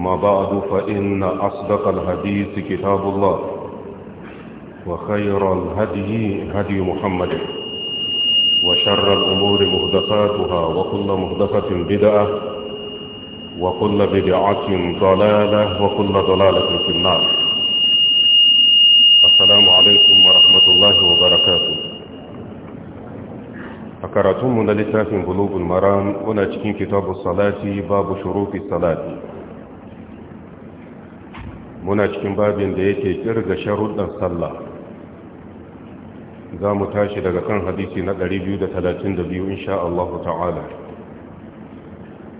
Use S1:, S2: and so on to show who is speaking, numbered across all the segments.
S1: أما بعد فإن أصدق الحديث كتاب الله وخير الهدي هدي محمد وشر الأمور مهدفاتها وكل مهدفة بدعة وكل بدعة ضلالة وكل ضلالة في النار السلام عليكم ورحمة الله وبركاته أكرتم من لتاف قلوب المرام ونجكين كتاب الصلاة باب شروط الصلاة muna cikin babin da yake kirga sharuɗan sallah za mu tashi daga kan hadisi na 232 insha Allah ta'ala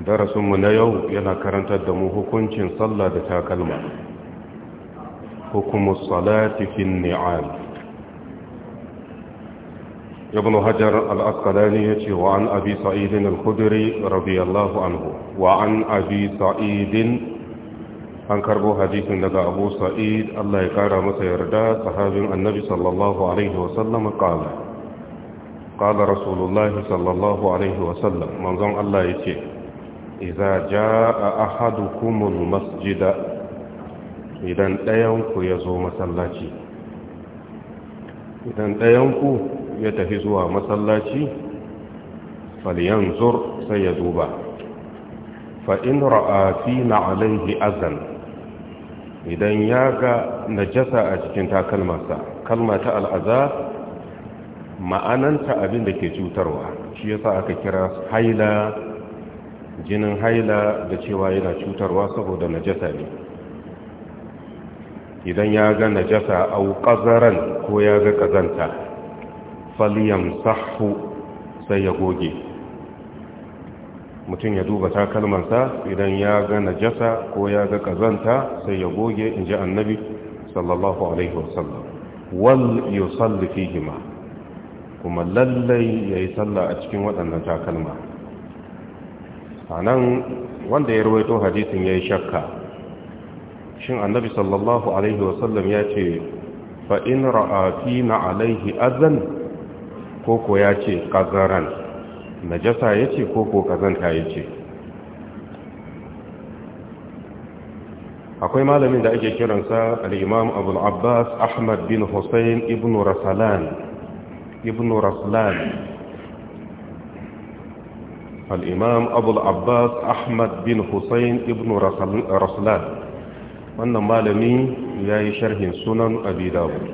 S1: darasinmu na yau yana karantar da mu hukuncin sallah da takalma hukumu salati fin ni'al ابن هجر الأسقلاني وعن أبي سعيد الخدري رضي الله عنه وعن أبي سعيد an karbo hadisin daga abu sa'id Allah ya kara masa yarda sahabin annabi sallallahu alaihi wasallam qala qala rasulullah sallallahu alaihi wasallam manzon Allah yace idza jaa ahadukumul masjida idan dayan ku yazo masallaci idan ɗayanku ya tafi zuwa masallaci zur sai ya duba fa in ra'a fina alaihi azan idan ya ga najasa a cikin takalmarsa kalma ta al'aza ma'ananta abin da ke cutarwa shi yasa aka kira haila jinin haila da cewa yana cutarwa saboda najasa ne idan ya ga najasa au ƙazaran ko ya ga ƙazanta falyam sahu sai ya goge mutum ya duba takalmansa idan ya ga najasa ko ya ga kazanta sai ya goge in ji annabi sallallahu alaihi wasallam wal yusalli hima kuma lallai yayi sallah a cikin waɗannan takalma anan wanda ya rawaito hadisin yayi shakka shin annabi sallallahu alaihi wasallam ya ce fa'in in alaihi azan ko ko ya ce qazaran najasa ya ce ko ko kazanta ya ce akwai malamin da ake kiransa al’imam abu al’abbas ahmad bin hussein ibn rasulan wannan malamin ya yi sharhin sunan abidawar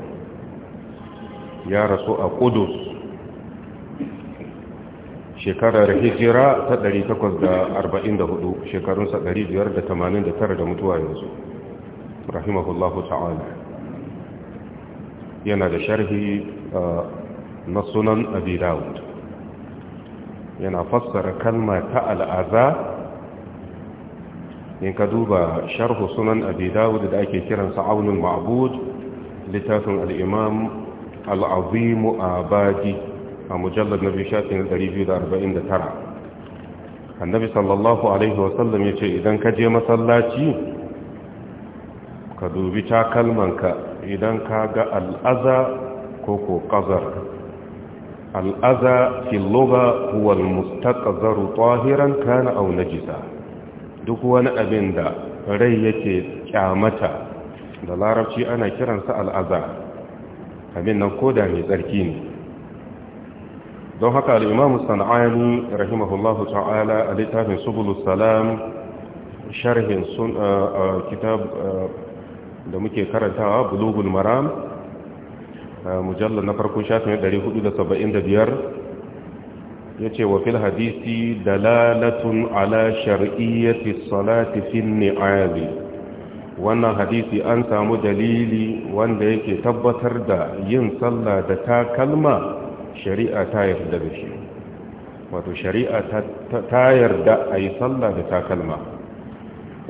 S1: ya rasu a kudus shekarar hijira ta 844 shekarunsa 589 da mutuwa yanzu rahimahullahu ta'ala yana da sharhi na sunan abi dawud yana fassara kalma ta al'aza in ka duba sharhu sunan abi dawud da ake kiransa aunin ma'bud littafin al'imam al'azimu abadi a mujallar na biyu annabi sallallahu alaihi wasallam ya ce idan ka je masallaci ka dubi takalmanka idan ka ga al'aza ko ko ƙazar al'aza filoga huwal mustaƙazaru tsohiran kana au najisa duk wani abin da rai yake kyamata da larabci ana kiransa al'aza abin nan koda mai tsarki ne don haka al'imamu sana'ani rahimahullahu ta'ala a littafin subulus salam sharhin sun uh, uh, kitab uh, da muke karantawa bulugul maram mujallar na farko shafin 475 ya ce wa fil hadisi dalalatun ala shar'iyyati salati fin ni'ali wannan hadisi an samu dalili wanda yake tabbatar da yin sallah da takalma shari'a ta yarda da shi wato shari'a ta yarda a yi sallah da takalma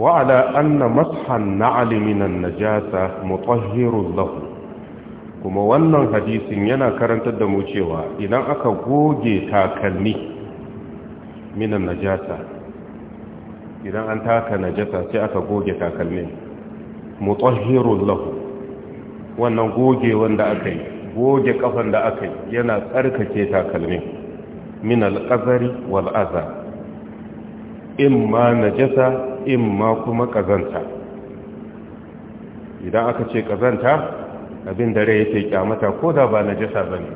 S1: wa'ala anna mashan na'ali minan najasa mutahhirun lahu kuma wannan hadisin yana karantar da mu cewa idan aka goge takalmi minan najasa idan an taka najasa sai aka goge takalmin mutahhirun lahu wannan goge wanda aka yi goge kafan da aka yi yana tsarkake takalmin min alƙazari wal'aza in ma najasa in ma kuma ƙazanta idan aka ce ƙazanta abin da rai yake kyamata ko da ba najasa ba ne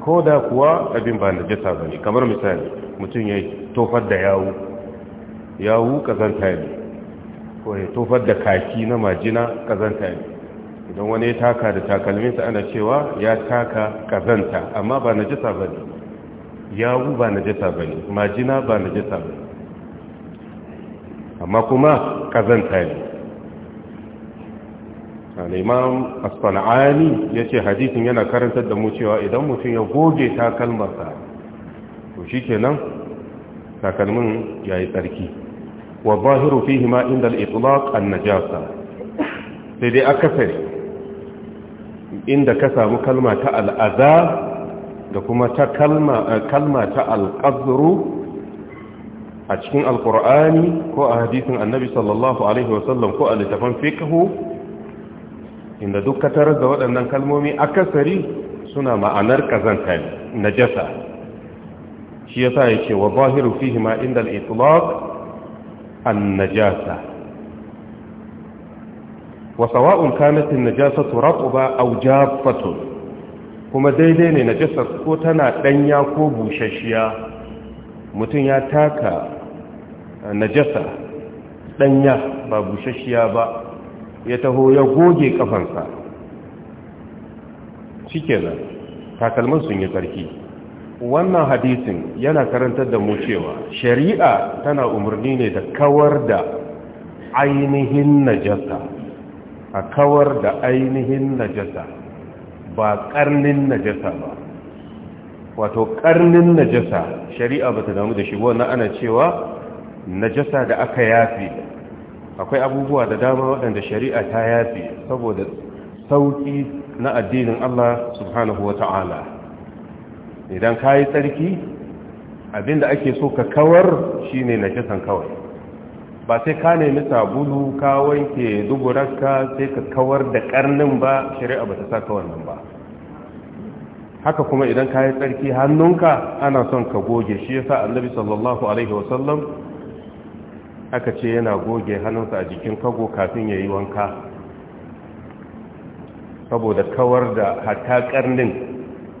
S1: ko da kuwa abin ba najasa ba ne kamar misali mutum ya tofar da yawu yawu ƙazanta ne ko ya tofar da kaki na majina ƙazanta ne idan wani ya taka da takalminsa ana cewa ya taka kazanta amma ba jisa ba ne yawu ba jisa ba ne majina ba jisa ba ne amma kuma kazanta ne al'imam asfana'ani ya ce hadisin yana karantar da mu cewa idan mutum ya goge takalmarsa to shi kenan takalmin ya yi tsarki wa zahiru fi hima inda al'itulak an najasa sai dai akasari inda ka samu kalma ta al'aza da kuma ta kalma eh, ta alƙazuru a cikin alƙur'ani ko a hadisin annabi sallallahu alaihi wasallam ko a littafan fiqhu inda duk ka tarar da waɗannan kalmomi akasari suna ma'anar kazanta na jasa shi yasa ce wa zahiru fihi hima inda al an-najasa wa sawa'un kanat an-najasatu raqba aw jaffatun kuma daidai ne najasa ko tana danya ko bushashiya mutum ya taka najasa ɗanya ba bushashiya ba ya taho ya goge kafansa shikenan takalmin sun yi tsarki wannan hadisin yana karantar da mu cewa shari'a tana umarni ne da kawar da ainihin najasa a kawar da ainihin najasa ba karnin najasa ba wato karnin najasa shari'a ba ta damu da shi wani ana cewa najasa da aka yafi akwai abubuwa da dama waɗanda shari'a ta yafi saboda sauƙi na addinin Allah subhanahu wa ta'ala idan ka yi tsarki abinda ake so ka kawar shi shine najasan kawai ba sai ka nemi sabulu ka wanke duburarka sai ka kawar da karnin ba shari'a ba ta saka wannan ba haka kuma idan ka yi tsarki hannunka ana son ka goge shi ya sa annabi sallallahu alaihi wasallam aka ce yana goge hannunsa a jikin kago kafin ya yi wanka saboda kawar da hata karnin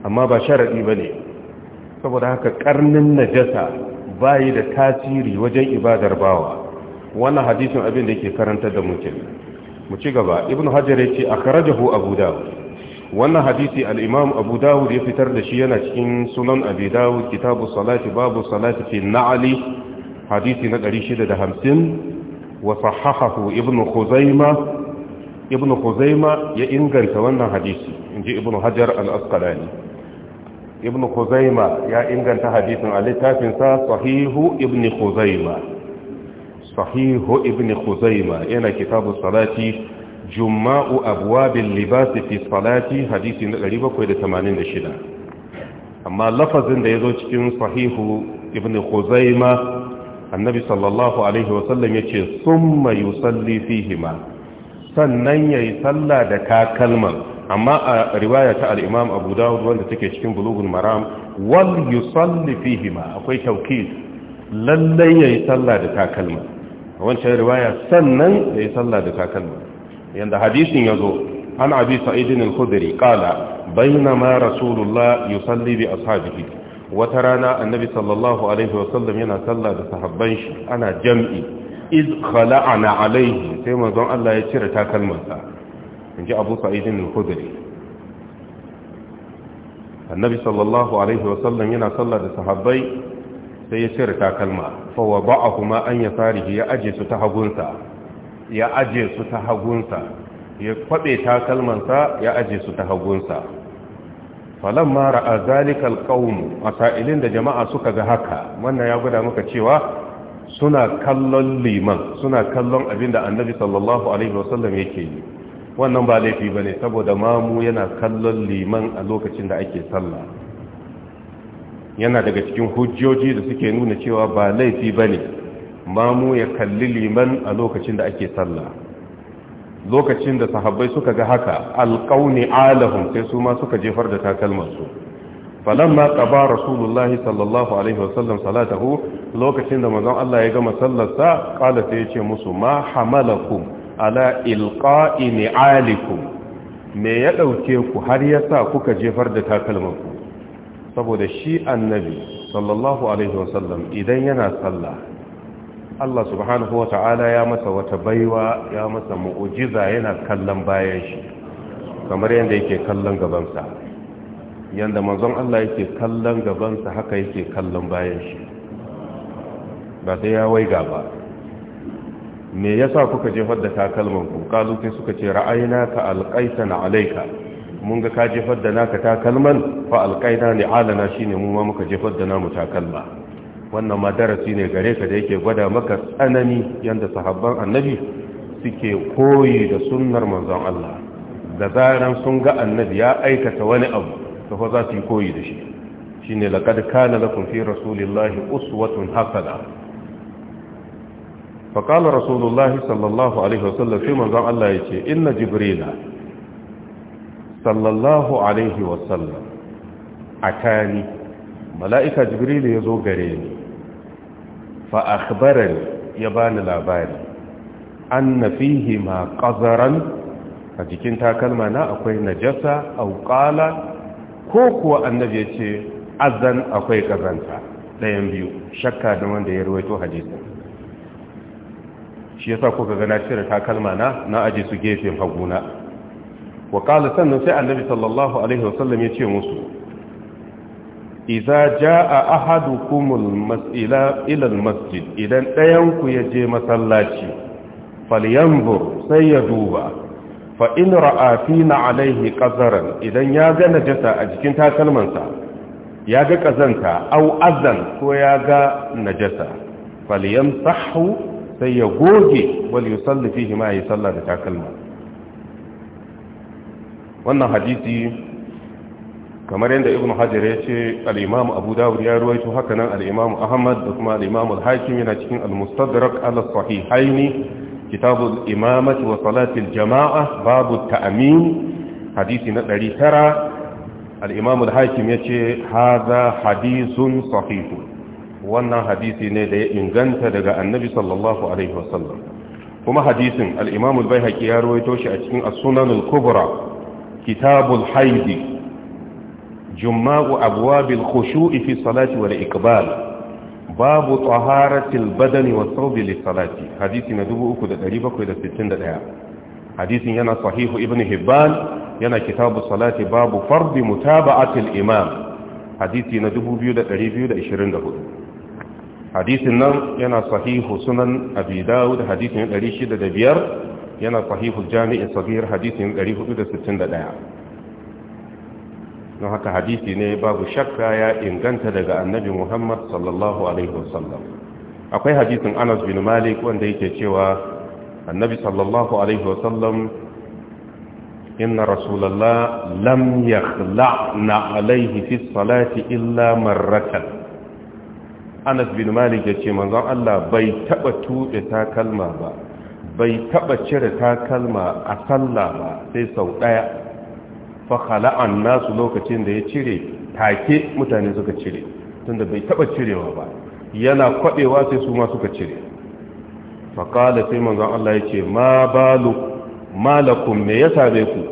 S1: amma ba sharaɗi ba ne saboda haka karnin najasa bayi da tasiri wajen ibadar bawa wannan hadisin abin da yake karanta da mutum mu ci gaba ibn hajar yace akhrajahu abu dawud wannan hadisi al-imam abu dawud ya fitar da shi yana cikin sunan abi dawud kitabu salati babu salati fi na'li hadisi na 650 wa sahahahu ibn khuzaimah ibn ya inganta wannan hadisi inji ibn hajar al-asqalani ibn khuzaimah ya inganta hadisin a littafin sa sahihu ibn khuzaimah صحيح ابن خزيمة هنا كتاب الصلاة جماء أبواب اللباس في الصلاة حديث غريب كويدة ثمانين لشنا أما لفظ عند يدوك صحيح ابن خزيمة النبي صلى الله عليه وسلم يتشي ثم يصلي فيهما sannan ya yi salla da takalman amma a riwaya ta al’imam abu dawud wanda take cikin bulugun maram wal yusalli fihima akwai tauki lallai ya yi salla da takalman wancan riwaya sannan da ya sallah da takalma Yadda hadisin ya zo an abi sa'idin al-khudri qala bainama rasulullah yusalli bi ashabihi wata rana annabi sallallahu alaihi wasallam yana sallah da sahabban shi ana jam'i iz na alaihi sai mazan Allah ya cire takalmansa ji abu sa'idin al-khudri annabi sallallahu alaihi wasallam yana sallah da sahabbai sai ya cire takalma fa kuma an yasarihi ya aje su ta hagunsa ya aje su ta hagunsa ya kwabe takalmansa ya aje su ta hagunsa mara ra'a zalikal qaum asailin da jama'a suka ga haka wannan ya guda maka cewa suna kallon liman suna kallon abinda annabi sallallahu alaihi wasallam yake yi wannan ba laifi bane saboda mamu yana kallon liman a lokacin da ake sallah yana daga cikin hujjoji da suke nuna cewa ba laifi ba ne mamu ya kalli liman a lokacin da ake sallah lokacin da sahabbai suka ga haka alƙauni alahun sai su ma suka jefar da takalmarsu falamma qaba rasulullahi sallallahu alaihi wasallam salatahu lokacin da manzon Allah ya gama sallarsa qala sai yace musu ma hamalakum ala ilqa'i alikum me ya ɗauke ku har yasa kuka jefar da takalmanku saboda shi annabi sallallahu alaihi wasallam idan yana sallah Allah subhanahu wata'ala ya masa wata baiwa ya masa mu'ujiza yana kallon bayan shi kamar yadda yake kallon gabansa yadda manzon Allah yake kallon gabansa haka yake kallon bayan shi ba sai ya waiga ba me yasa kuka jefar da takalmanku kalu sai suka ce ra'ayina ka alqaitana alayka mun ga ka jefar da naka takalman fa alƙaida ne alana shine mu ma muka jefar da namu takalma wannan ma darasi ne gare ka da yake gwada maka tsanani yanda sahabban annabi suke koyi da sunnar manzon Allah da zaran sun ga annabi ya aikata wani abu to fa za su yi koyi da shi ne laqad kana lakum fi rasulillahi uswatun hasana فقال رسول الله صلى الله عليه وسلم في منظر الله يتي إن جبريل sallallahu alaihi wasallam a kani mala'ika jibrilu ya zo gare ni fa akhbarani ya bani labari na fihi ma ƙazaran a jikin takalma na akwai najasa au ko kuwa annabi ya ce azan akwai ƙazanta, ɗayan biyu shakka da wanda ya ruwaito hadisin shi ya yasa kuka ga na cire takalma na na aji su gefen haguna wa sannan sai annabi sallallahu alaihi wasallam ya ce musu iza jaa ahadukumul mas'ila ila masjid idan ɗayan ku ya je masallaci falyanzur sai ya duba fa in ra'a fina alaihi qazaran idan ya ga najasa a jikin takalmansa ya ga kazanta au azan ko ya ga najasa falyamsahu sai ya goge wal yusalli fihi ma yusalla da takalma wannan hadisi kamar yadda ibn hajar ya ce al'imamu abu dawud ya ruwaito haka nan al'imamu ahmad da kuma al'imamu al-hakim yana cikin al-mustadrak al-sahih haini kitabu imamati wa salatil jama'a babu ta'amin hadisi na 900 al'imamu al-hakim ya ce haza hadisun sahihu wannan hadisi ne da ya inganta daga annabi sallallahu alaihi wasallam kuma hadisin al'imamu al-bai ya ruwaito shi a cikin al-kubra kitabul haidi juma'u abwabil khushu'i fi salati wal iqbal babu taharatil badani wa thawbi li salati hadisi na 3761 hadisin yana sahihu ibn hibban yana kitabu salati babu fardi mutaba'atil imam hadisi na 2224 hadisin nan yana sahihu sunan abi daud hadisin 605 yana sahihul jami'i sabir hadisin 461 don haka hadisi ne babu shakka ya inganta daga annabi Muhammad sallallahu alaihi wasallam akwai hadisin Anas bin Malik wanda yake cewa annabi sallallahu alaihi wasallam inna rasulullah lam yakhla'na alaihi fi salati illa marratan anas bin malik ya ce manzon Allah bai taba tuɓe takalma ba bai taba cire takalma a sallah ba sai sau daya fa khala'an nasu lokacin da ya cire take mutane suka cire tunda bai taba cirewa ba yana kwadewa sai su ma suka cire fa qala sai manzon Allah yace ma balu malakum me yasa bai ku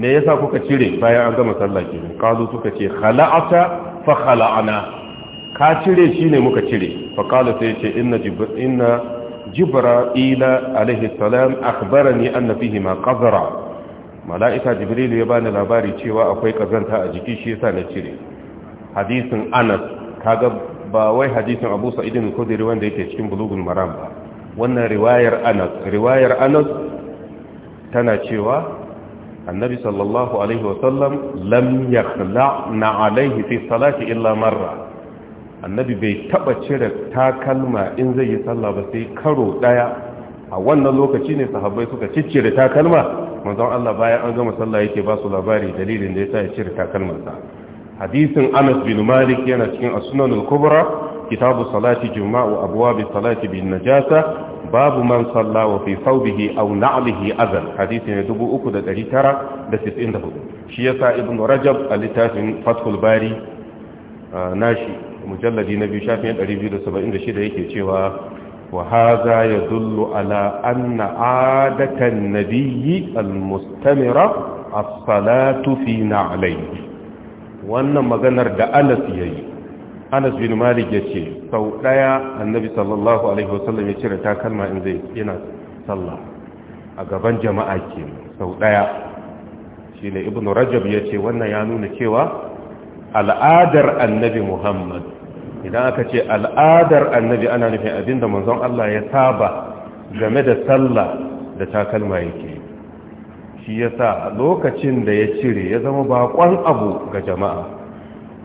S1: me yasa kuka cire bayan an gama sallah ka qalu suka ce khala'ata fa khala'ana ka cire shine muka cire fa qala sai yace inna inna jibra'ila alaihi salam akhbarani anna fihi mala'ika jibril ya bani labari cewa akwai kazanta a jiki shi yasa na cire hadisin anas kaga ba wai hadisin abu sa'id da khudri wanda yake cikin bulugul maram ba wannan riwayar anas riwayar anas tana cewa annabi sallallahu alaihi wasallam lam yakhla'na alaihi fi illa marra annabi bai taba cire takalma in zai yi sallah ba sai karo daya a wannan lokaci ne sahabbai suka ciccire takalma manzon Allah bayan an gama sallah yake ba su labari dalilin da yasa ya cire takalmansa hadisin Anas bin Malik yana cikin as-Sunan kubra kitabu salati juma'a abwab salati bin najasa babu man salla wa fi thawbihi aw na'lihi azal hadisi ne 3994 shi yasa ibn Rajab a littafin Fathul Bari ah, nashi mujalladi na biyu shafin 276 yake cewa wa haza ya dullu ala anna adatan nabiyyi almustamira as-salatu fi wannan maganar da Anas yayi Anas bin Malik yace sau daya Annabi sallallahu alaihi wasallam ya cire takalma in zai yana sallah a gaban jama'a ke sau daya shine ibnu Rajab yace wannan ya nuna cewa al'adar annabi muhammad idan aka ce al'adar annabi ana nufin abinda manzon Allah ya saba game da sallah da takalma yake shi ya sa lokacin da ya cire ya zama bakon abu ga jama'a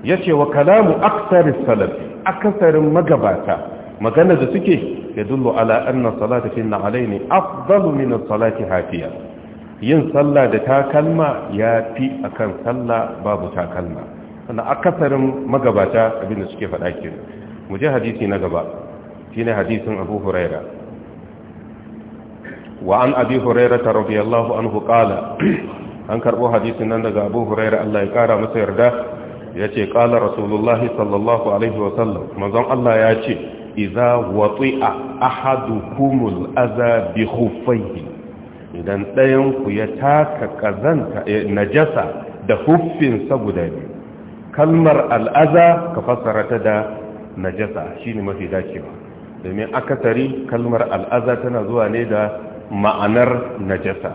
S1: ya ce wa kalamu aksarin salaf, akasarin magabata magana da suke ya dullo ala annan salata fi na alaini afdalu min salati hafiya yin sallah da takalma ya fi akan sallah babu takalma na akasarin magabata abinda suke faɗa ke mu hadisi na gaba shine hadisin Abu Huraira wa an Abi Huraira radiyallahu anhu qala an karɓo hadisin nan daga Abu Huraira Allah ya kara masa yarda yace ƙala Rasulullahi sallallahu alaihi wa sallam manzon Allah ya ce a wati'a ahadukumul adha bi hufai. idan ɗayan ku ya taka kazanta eh, najasa da huffinsa guda biyu kalmar al'aza ka fassara ta da najasa shine mafi dacewa domin akasari kalmar al'aza tana zuwa ne da ma'anar najasa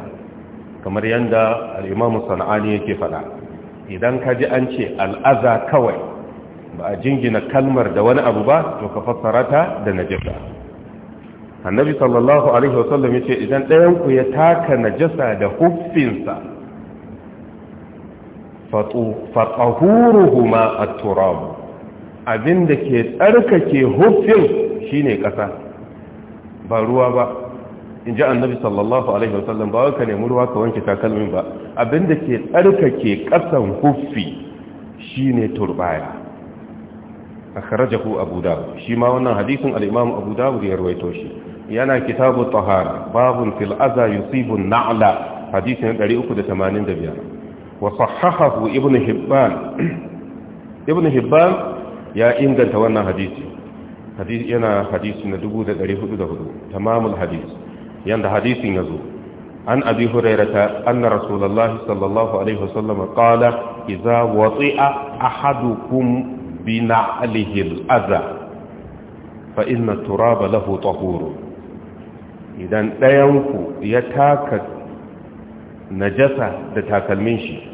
S1: kamar yadda al'imamu sana'ani yake fada idan ka ji an ce al'aza kawai ba a jingina kalmar da wani abu ba to ka fassara ta da najasa annabi sallallahu alaihi wasallam ya ce idan ɗayanku ya taka najasa da huffinsa fatahuruhuma at-turab abinda ke tsarkake huffin shine ƙasa ba ruwa ba in ji annabi sallallahu alaihi wasallam ba ka nemi ruwa ka wanke takalmin ba abinda ke tsarkake ƙasan huffi shine turbaya akhrajahu abu dawud shi ma wannan hadisin al-imam abu dawud ya rawaito shi yana kitabu tahara babun fil adha yusibu an-na'la hadisin 385 wa sahahahu ibn hibban ibn hibban ya inganta wannan hadisi hadisi yana hadisi na 1404 tamamul hadisi yanda hadisin yazo an abi hurairata anna rasulullahi sallallahu alaihi wasallam qala idza wati'a ahadukum bi na'lihi al-adha fa inna turaba lahu tahurun idan ɗayanku ya taka najasa da takalmin shi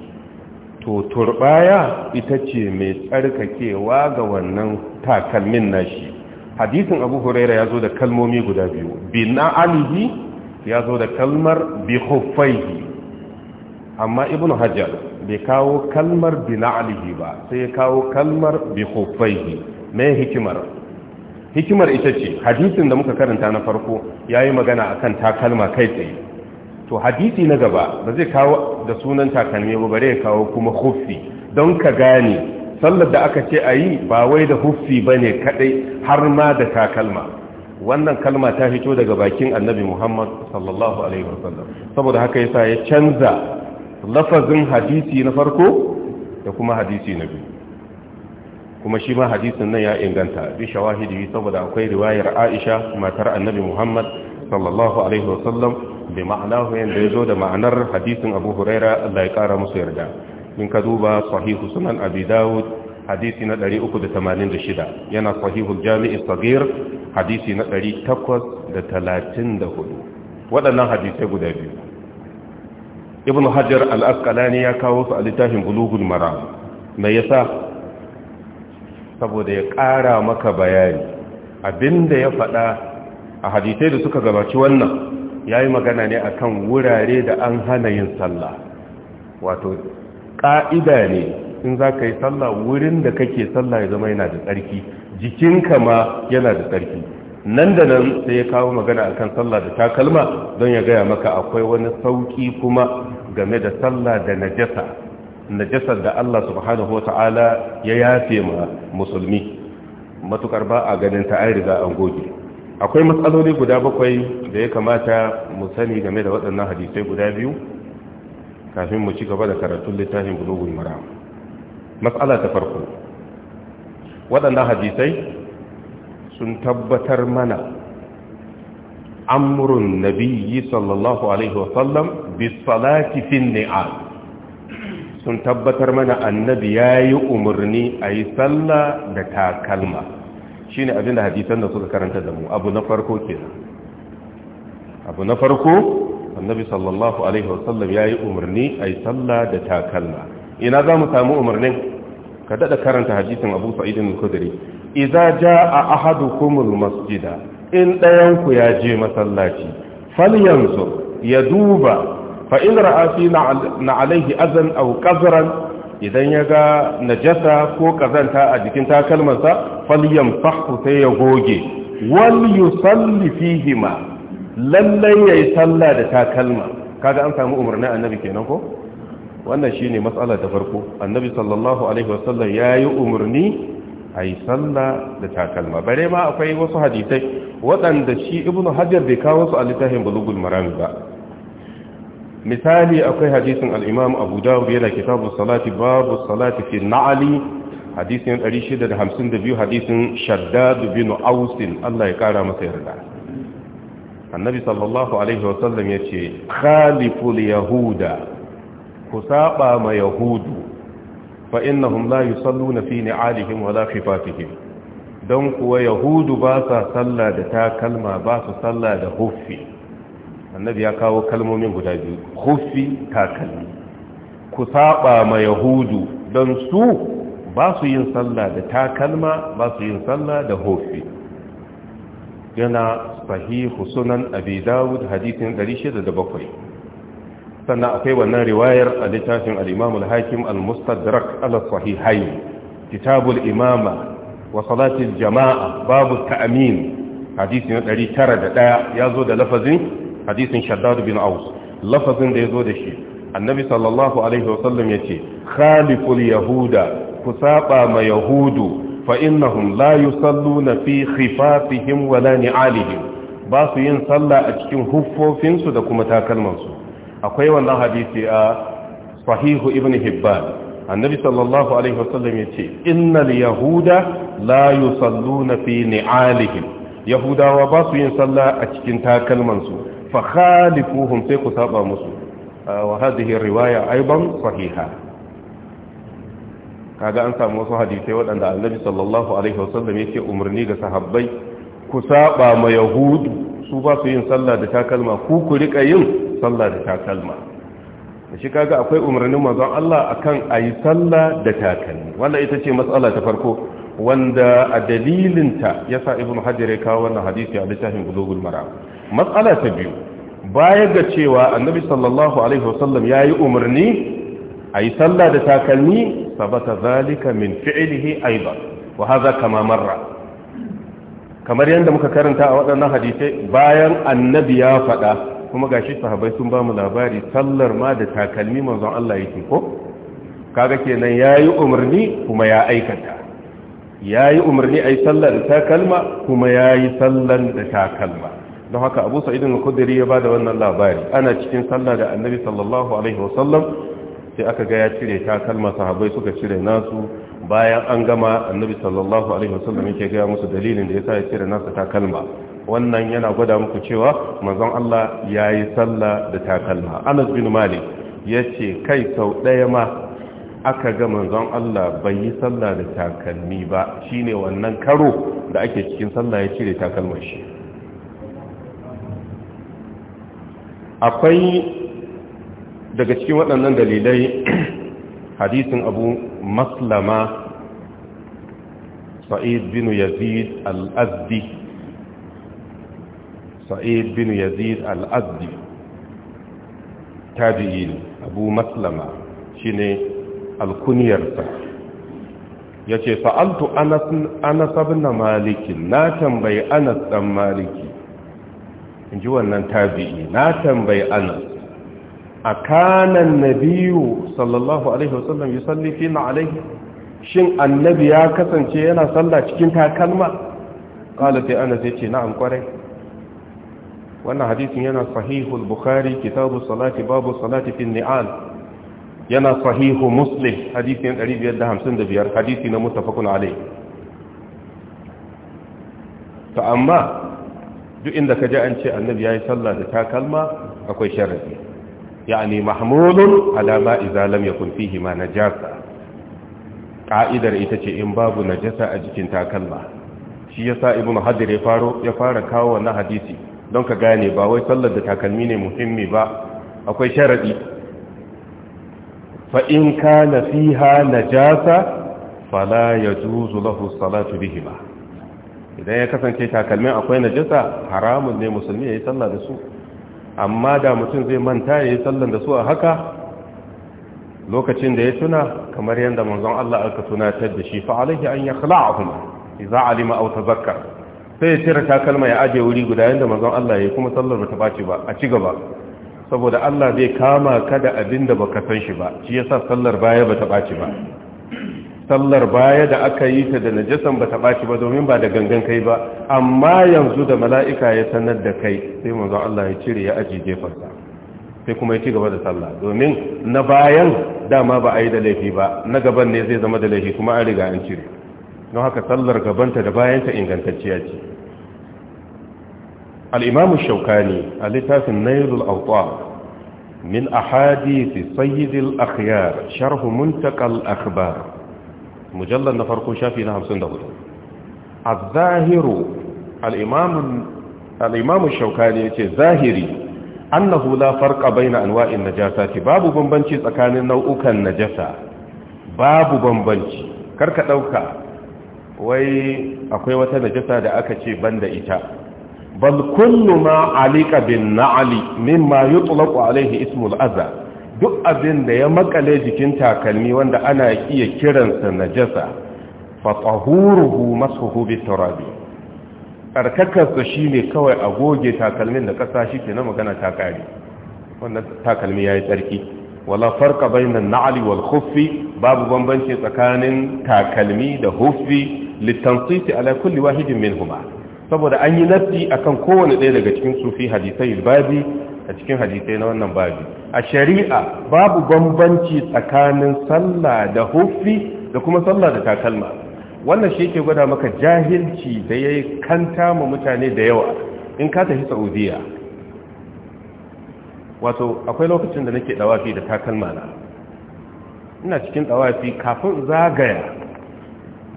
S1: to turbaya ita ce mai tsarkakewa ga wannan takalmin nashi hadisin abu huraira ya zo da kalmomi guda biyu bi na'alihi ya zo da kalmar bi huffaihi amma Ibn hajar bai kawo kalmar bi na'alihi ba sai ya kawo kalmar bi huffaihi mai hikimar hikimar ita ce hadisin da muka karanta na farko ya yi magana a kan takalma kai tsaye to hadisi na gaba ba zai kawo da sunan takalmi ba bare kawo kuma huffi don ka gane sallar da aka ce a yi ba wai da huffi ba ne kadai har ma da takalma wannan kalma ta fito daga bakin annabi muhammad sallallahu alaihi wasallam saboda haka yasa ya canza lafazin hadisi na farko da kuma hadisi na biyu kuma shi ma hadisin nan ya inganta bi shawahidi saboda akwai riwayar aisha matar annabi muhammad sallallahu alaihi wasallam bi ma'anahu yanda ya zo da ma'anar hadisin abu huraira Allah ya kara musu yarda in ka duba sahihu sunan abi dawud hadisi na 386 yana sahihu jami'i sagir hadisi na 834 waɗannan hadisai guda biyu ibn hajar al-asqalani ya kawo su a littafin bulughul maram me yasa saboda ya ƙara maka bayani abinda ya faɗa a hadisai da suka gabaci wannan ya yi magana ne a kan wurare da an hana yin sallah wato ƙa'ida ne in za ka yi sallah wurin da kake sallah ya zama yana da tsarki jikinka ma yana da tsarki nan da nan sai ya kawo magana a kan sallah da takalma don ya gaya maka akwai wani sauƙi kuma game da sallah da najasa najasar da Allah subhanahu wa ta'ala ya yafe ma musulmi matukar ba a ganin ta an riga an goge akwai matsaloli guda bakwai da ya kamata mu sani game da waɗannan hadisai guda biyu kafin mu ci gaba da karatun littafin bulugul mara, matsala ta farko waɗannan hadisai sun tabbatar mana amrun nabiyyi sallallahu alaihi wasallam bisalati fin ni'am sun tabbatar mana annabi ya yi umarni a yi sallah da takalma shine abin da hadisan da suka karanta da mu abu na farko kenan abu na farko annabi sallallahu alaihi wasallam yayi umarni ai sallah da takalma ina zamu samu umarnin ka dada karanta hadisin Abu Sa'id Iza ja a ahadu kumul masjida in ɗayanku ku ya je masallaci falyanzu ya duba fa in ra'afi na alaihi azan aw qazran idan ya ga najasa ko kazanta a jikin takalmansa falyan fahu sai ya goge wal yusalli fihima lallai yi sallah da takalma kaga an samu umarnin annabi kenan ko wannan shine matsala ta farko annabi sallallahu alaihi wasallam yi umarni ayi salla da takalma bare ma akwai wasu hadisai waɗanda shi ibnu hajar bai kawo su a littafin bulugul marami ba misali akwai hadisin alimam imam abu dawud yana kitabun salati babu salati fi na'ali hadisin 652 hadisin shaddad bin ausin Allah ya kara masa yarda annabi sallallahu alaihi wasallam yace khaliful yahuda ku saba ma yahudu fa innahum la yusalluna fi ni'alihim wala khifatihim don kuwa yahudu ba sa sallah da takalma ba su sallah da huffi annabi ya kawo kalmomin guda biyu hufi takalmi ku saba ma yahudu don su ba su yin sallah da takalma ba su yin sallah da hufi yana sahihu sunan abi dawud da 607 sannan akwai wannan riwayar a littafin al-imam al-hakim al-mustadrak ala sahihain kitabul imama wa salatil jama'a babu ta'amin da 901 ya zo da lafazin hadisin shaddad bin aus lafazin da ya zo da shi annabi sallallahu alaihi wasallam yace khaliful yahuda ku saba ma yahudu fa innahum la yusalluna fi khifafihim wala ni'alihim ba su yin sallah a cikin huffofin da kuma takalman akwai wannan hadisi a sahihu ibn hibban annabi sallallahu alaihi wasallam yace innal yahuda la yusalluna fi ni'alihim yahudawa ba su yin sallah a cikin takalmansu fa khalifuhum sai ku saba musu wa hadhihi riwaya aiban kaga an samu wasu hadisai waɗanda annabi sallallahu alaihi wasallam yake umarni ga sahabbai ku saba ma yahudu su ba su yin sallah da takalma ku ku rika yin sallah da takalma shi kaga akwai umarnin manzon Allah akan ayi sallah da takalmi wannan ita ce matsala ta farko wanda a dalilinta ya sa ibn ya kawo wannan hadisi a littafin bulugul mara matsala ta biyu baya ga cewa annabi sallallahu alaihi wasallam ya yi umarni a yi sallah da takalmi sabata zalika min fi'ilihi aiba wa haza kama marra kamar yadda muka karanta a waɗannan hadisai bayan annabi ya faɗa kuma gashi sahabai sun ba mu labari sallar ma da takalmi manzon Allah yake ko kaga kenan ya yi umarni kuma ya aikata ya yi umarni a yi sallar da takalma kuma ya yi sallar da takalma don haka abu sa'idin al Kudiri ya ba da wannan labari ana cikin sallah da annabi sallallahu alaihi wasallam sai aka ga ya cire takalma sahabbai suka cire nasu bayan an gama annabi sallallahu alaihi wasallam yake ga musu dalilin da yasa ya cire nasu takalma wannan yana gwada muku cewa manzon Allah yayi sallah da takalma Anas bin Malik yace kai sau daya ma aka ga manzon Allah bai yi sallah da takalmi ba shine wannan karo da ake cikin sallah ya cire takalmar shi akwai daga cikin waɗannan dalilai hadisin abu maslama sa'id bin yazid al-azdi sa'id bin yazid al-azdi abu maslama shine alkuniyarsa ya ce fa'altu anasabin na malikin na tambayi anas dan maliki in ji wannan tabi'i na tambayi ana a kanan nabiyu sallallahu alaihi wasallam ya salli fi na alaihi shin annabi ya kasance yana salla cikin takalma ƙalatai ana zai ce na'am kwarai wannan hadisin yana sahihul bukhari kitabu salati babu salati fi ni'al yana sahihu muslim hadisin 555 hadisi na mutafakun alaihi ta amma duk inda ka ji an ce annabi ya yi sallah da takalma akwai sharaɗi ya'ani mahmulun alama izalam ya kun fihi ma najasa ƙa'idar ita ce in babu najasa a jikin takalma shi ya sa ibn hadir ya fara kawo wannan hadisi don ka gane ba wai sallar da takalmi ne muhimmi ba akwai sharaɗi fa'in ka na fiha najasa fala ya juzu lahu salatu bihima idan ya kasance takalmin akwai najasa haramun ne musulmi ya yi sallah da su amma da mutum zai manta ya yi sallah da su a haka lokacin da ya tuna kamar yadda manzon Allah aka tunatar da shi fa alaihi an yakhla'ahum idza alima aw tazakka sai ya cire takalma ya aje wuri guda yadda manzon Allah ya kuma sallar bata baci ba a ci gaba saboda Allah zai kama ka da abin baka san shi ba shi yasa sallar baya bata baci ba sallar baya da aka yi ta da najasan ba ta ɓaci ba domin ba da gangan kai ba amma yanzu da mala'ika ya sanar da kai sai manzo Allah ya cire ya aji jefarsa sai kuma ya ci gaba da sallah domin na bayan dama ba a yi da laifi ba na gaban ne zai zama da laifi kuma an riga an cire don haka sallar gabanta da bayanta ingantacciya ce al'imamu shaukani a littafin nailul auta min ahadi fi sayyidil akhyar sharhu muntakal akhbar mujallar na farko shafi na 54 az-zahiru al-imam al-imam yace zahiri annahu la farqa baina anwa'in najasati babu bambanci tsakanin nau'ukan najasa babu bambanci karka dauka wai akwai wata najasa da aka ce banda ita bal kullu ma alika bin na'li mimma yutlaqu alayhi ismul adha duk abin da ya makale jikin takalmi wanda ana iya kiransa najasa fa tahuruhu masuhu biturabi karkakarsa shine kawai a goge takalmin da kasa shi ke na magana ta kare wannan takalmi yayi tsarki wala farqa bainan na'li wal khuffi babu bambanci tsakanin takalmi da huffi littansisi ala kulli wahidin huma saboda an yi nafsi akan kowane ɗaya daga cikin sufi hadisai babi a cikin hadisai na wannan babi a shari'a babu bambanci tsakanin sallah da hufi da kuma sallah da takalma wannan shi yake gwada maka jahilci da ya yi kanta ma mutane da yawa in ka tafi saudiya wato akwai lokacin da nake dawafi da takalma na ina cikin dawafi kafin zagaya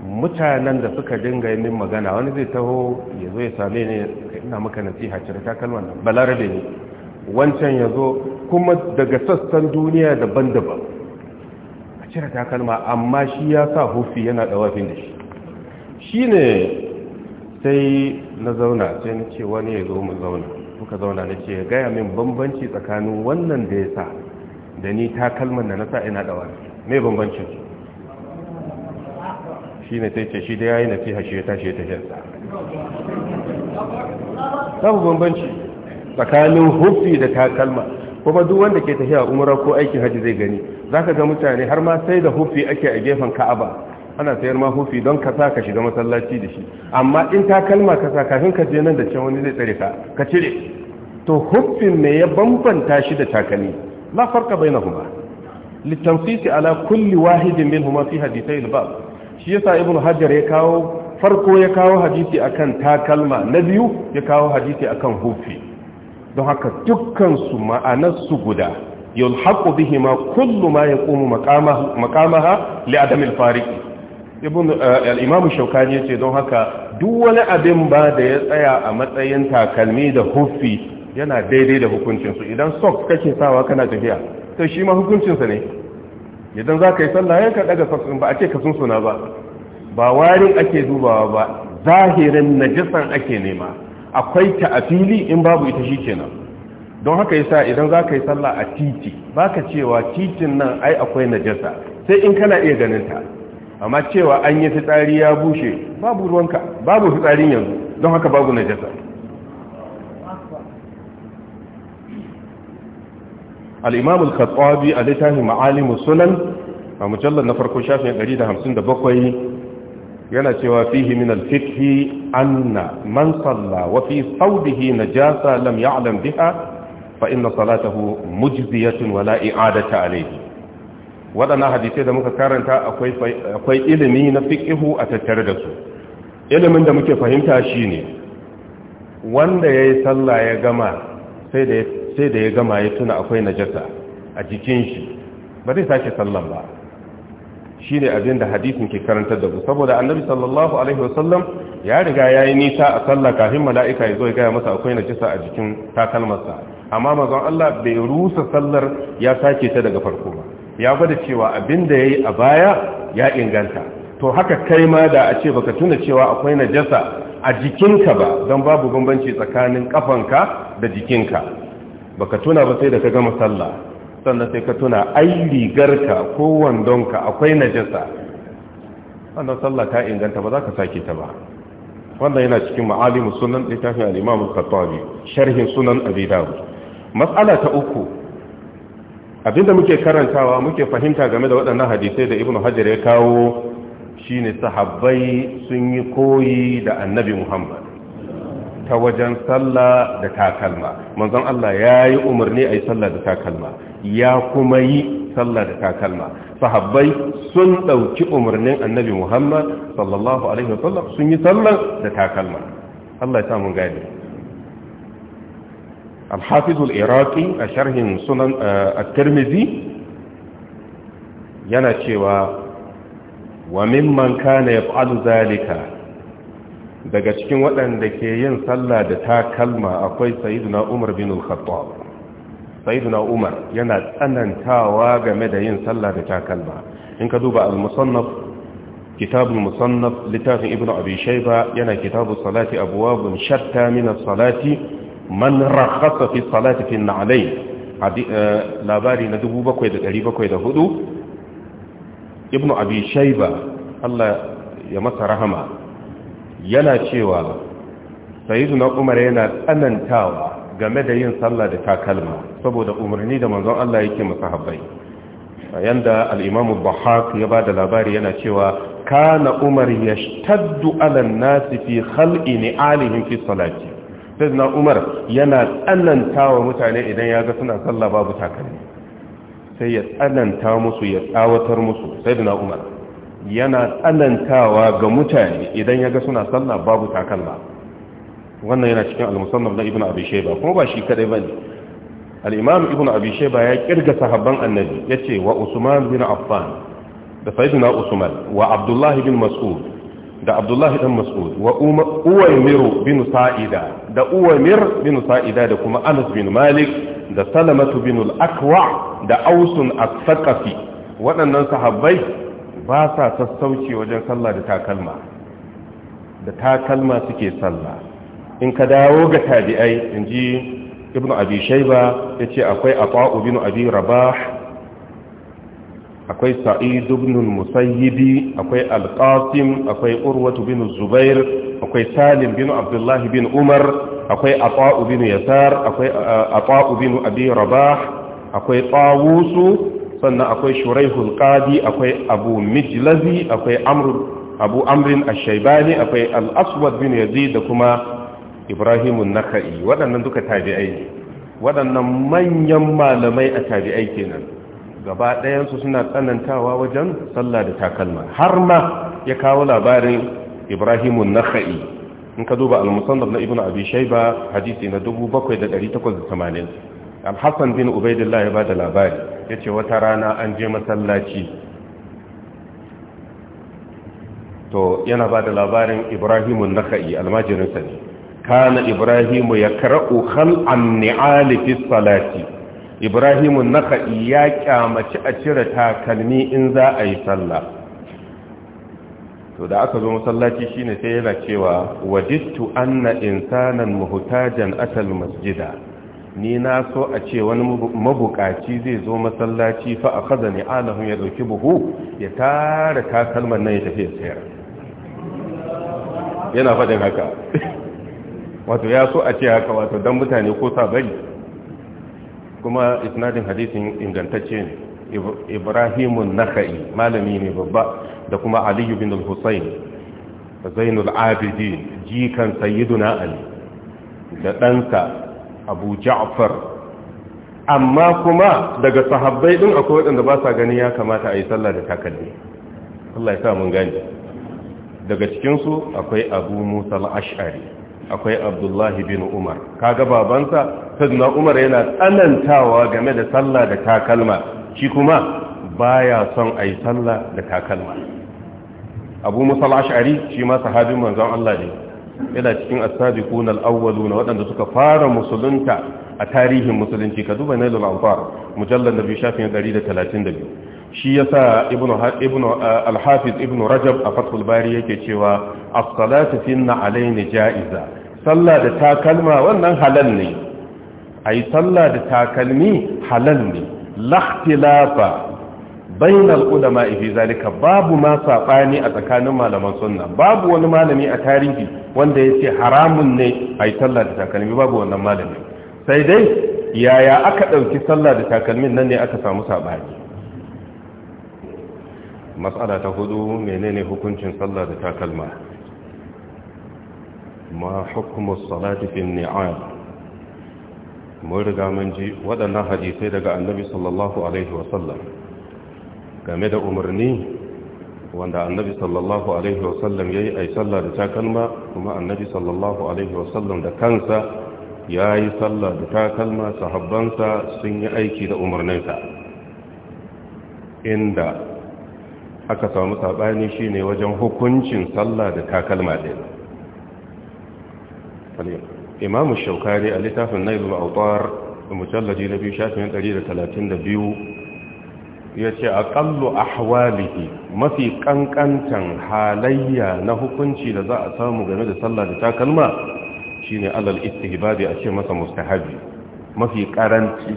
S1: mutanen da suka dinga yi min magana wani zai taho ya zo ya same ni ina maka nasiha cire takalman nan balarabe ne wancan ya zo kuma daga sassan duniya daban-daban a cire takalma amma shi ya sa hufi yana ɗawafin da shi shi ne sai na zauna sai na ce wani ya zo mu zauna muka zauna na ce gaya min bambanci tsakanin wannan da ya sa da ni takalman da na sa ina ɗawafi mai bambancin shi ne sai ce shi da ya yi na fi hashe ta shi ta shansa babu bambanci tsakanin hufi da takalma kuma duk wanda ke tafiya umarar ko aikin haji zai gani zaka ga mutane har ma sai da hufi ake a gefen Ka'aba ana sayar ma hufi don ka sa ka shiga masallaci da shi amma in takalma ka sa kafin ka je nan da can wani zai tsare ka ka cire to hufin me ya bambanta shi da takalmi la farka bainahuma tanfisi ala kulli wahidin minhuma fi hadithai bab shi yasa ibnu hajar ya kawo farko ya kawo hadisi akan takalma na biyu ya kawo hadisi akan hufi don haka dukkansu ma'anarsu guda Yau bihima kullu ma yaqumu ma maqamaha li adam al-fariq ibn eh, al-imam shaukani yace don haka duk wani abin ba da ya tsaya a matsayin takalmi da huffi yana daidai da hukuncinsu. idan sok kake sawa kana tafiya to shi ma hukuncin ne idan zaka yi sallah yanka daga sok ba a ce ka suna ba ba warin ake dubawa ba zahirin najisan ake nema akwai ta a fili in babu ita shi kenan don haka yasa idan za ka yi sallah a titi baka cewa titin nan ai akwai najasa sai in kana iya ganin ta amma cewa an yi fitsari ya bushe babu ruwanka babu fitsarin yanzu don haka babu najasa al-imam al-khattabi a littafin ma'alimus sunan a mujallar na farko shafin 157 yana cewa fihi min al-fiqhi anna man salla wa fi thawbihi najasa lam ya'lam biha fa inna salatahu mujziyatun wa la i'adata alayhi wadannan hadisi da muka karanta akwai akwai ilimi na fikihu a tattare da su ilimin da muke fahimta shine wanda yayi sallah ya gama sai da sai da ya gama ya tuna akwai najasa a jikin shi ba zai sake sallan ba Shi ne abin da hadisin ke karantar da mu saboda annabi sallallahu alaihi wasallam ya riga ya yi nisa a sallah kafin mala'ika ya zo ya gaya masa akwai najasa a jikin takalmarsa amma manzon Allah bai rusa sallar ya sake ta daga farko ba ya gwada cewa abin da ya yi a baya ya inganta to haka kai ma da a ce baka tuna cewa akwai najasa a jikinka ba don babu bambanci tsakanin kafanka da jikinka baka tuna ba sai da ka gama sallah sannan sai ka tuna ai rigarka ko wandonka akwai najasa wannan sallah ta inganta ba za ka sake ta ba wannan yana cikin ma'alimu sunan littafin al-imam sharhin sunan abi matsala ta uku abinda muke karantawa muke fahimta game da waɗannan hadisai da ibnu hajar ya kawo shine sahabbai sun yi koyi da annabi muhammad ta wajen sallah da takalma manzon Allah ya yi umarni a yi sallah da takalma ya kuma yi sallah da takalma sahabbai sun ɗauki umarnin annabi muhammad sallallahu alaihi wasallam sun yi sallah da takalma Allah ya samu gani al-hafiz iraqi a sharhin sunan eh, at-tirmidhi yana cewa wa mimman kana yaf'alu zalika daga cikin waɗanda ke yin sallah da takalma akwai sayyiduna umar bin al-khattab sayyiduna umar yana tsanantawa game da yin sallah da takalma in ka duba al-musannaf kitabul musannaf littafin Ibn abi shayba yana kitabus salati abwabun shatta min as-salati man rakhasa fi salati fi an-na'layn eh, labari na 7704 Ibn abi shayba Allah ya masa rahama yana cewa sayyiduna umar yana tsanantawa game da yin sallah da takalma saboda umarni da manzon Allah yake habbai yanda al-Imam al-Bahaq ya bada labari yana cewa kana Umar yashtaddu ala an-nas fi khalqi ni'alihim fi salati sayyidina Umar yana tsanantawa mutane idan ya ga suna sallah babu takalmi sai ya tsananta musu ya tsawatar musu sayyidina Umar yana tsanantawa ga mutane idan ya ga suna sallah babu takalma wannan yana cikin al-musannaf na ibnu abi shayba kuma ba shi kadai bane al-imam ibnu abi shayba ya kirga sahabban annabi yace wa usman bin affan da sayyidina usman wa abdullah bin mas'ud da abdullah bin mas'ud wa uwaymir bin sa'ida da uwaymir bin sa'ida da kuma anas bin malik da salamatu bin al-akwa da ausun as-saqafi waɗannan sahabbai ba sa sassauci wajen sallah da takalma da takalma suke sallah in ka dawo ga tabi'ai in ji ibn abi shaiba ya ce akwai akwa'u bin abi rabah akwai sa'id ibn musayyibi akwai alqasim akwai urwatu bin zubair akwai salim bin abdullahi bin umar akwai akwa'u bin yasar akwai uh, akwa'u bin abi rabah akwai tawusu sannan akwai shuraihul qadi akwai abu mijlazi akwai amr abu amrin ash-shaybani akwai al-aswad bin yazid da kuma ibrahimun naka'i waɗannan duka tabi'ai waɗannan manyan malamai a tabi'ai kenan gaba ɗayansu suna tsanantawa wajen sallah da takalma har ma ya kawo labarin ibrahimun naka'i in ka duba al-musannaf na ibnu abi shayba hadisi na 7880 al-hasan bin ubaidillah ya bada labari yace wata rana an je masallaci to yana ba da labarin ibrahimun naka'i almajirinsa ne kana ibrahimu ya kara'u khal'an ni'ali fi salati ibrahimu naka'i ya kyamaci a cire takalmi in za a yi sallah to da aka zo masallaci shine sai yana cewa wajidtu anna insanan muhtajan atal masjida ni na so a ce wani mabukaci zai zo masallaci fa a akaza ni'alahum ya dauki buhu ya tara takalman nan ya tafi sayar yana faɗin haka wato ya so a ce haka wato don mutane ko sabari kuma isnadin hadisin ingantacce ne ibrahimun naka'i malami ne babba da kuma aliyu bin al da zainul abidi jikan sayyiduna ali da ɗansa abu ja'far amma kuma daga sahabbai ɗin akwai waɗanda ba sa gani ya kamata a yi sallah da takalmi Allah ya sa mun gani daga cikinsu akwai abu musa ashari akwai abdullahi bin umar kaga babansa sayyidina umar yana tsanantawa game da sallah da takalma shi kuma baya son ayi sallah da takalma abu musal ash'ari shi ma sahabin manzon Allah ne yana cikin as na al-awwaluna waɗanda suka fara musulunta a tarihin musulunci ka duba nailul anfar da biyu shafin 132 shi yasa ibnu ibnu al-hafiz Ibn rajab a fathul bari yake cewa as finna alaini ja'iza sallah da takalma wannan halal ne a yi sallah da takalmi halal ne lahtilafa bainal ulama ifi zalika babu ma saɓani a tsakanin malaman sunna babu wani malami a tarihi wanda ya ce haramun ne a yi sallah da takalmi babu wannan malami sai dai yaya aka ɗauki sallah da takalmin nan ne aka samu saɓani matsala ta hudu menene hukuncin sallah da takalma ma hukumar salati fi ni'am mun riga mun ji waɗannan hadisai daga annabi sallallahu alaihi wasallam game da umarni wanda annabi sallallahu alaihi wasallam ya yi a yi sallah da takalma kuma annabi sallallahu alaihi wasallam da kansa ya yi sallah da takalma sahabbansa sun yi aiki da umarninsa inda aka samu saɓani ne wajen hukuncin sallah da takalma ɗin salim shaukari a littafin nailul autar mujalladi na biyu shafin 132 ya ce aƙallu ahwalihi mafi ƙanƙantan halayya na hukunci da za a samu game da sallah da takalma shine alal istihbabi a ce masa mustahabi mafi ƙaranci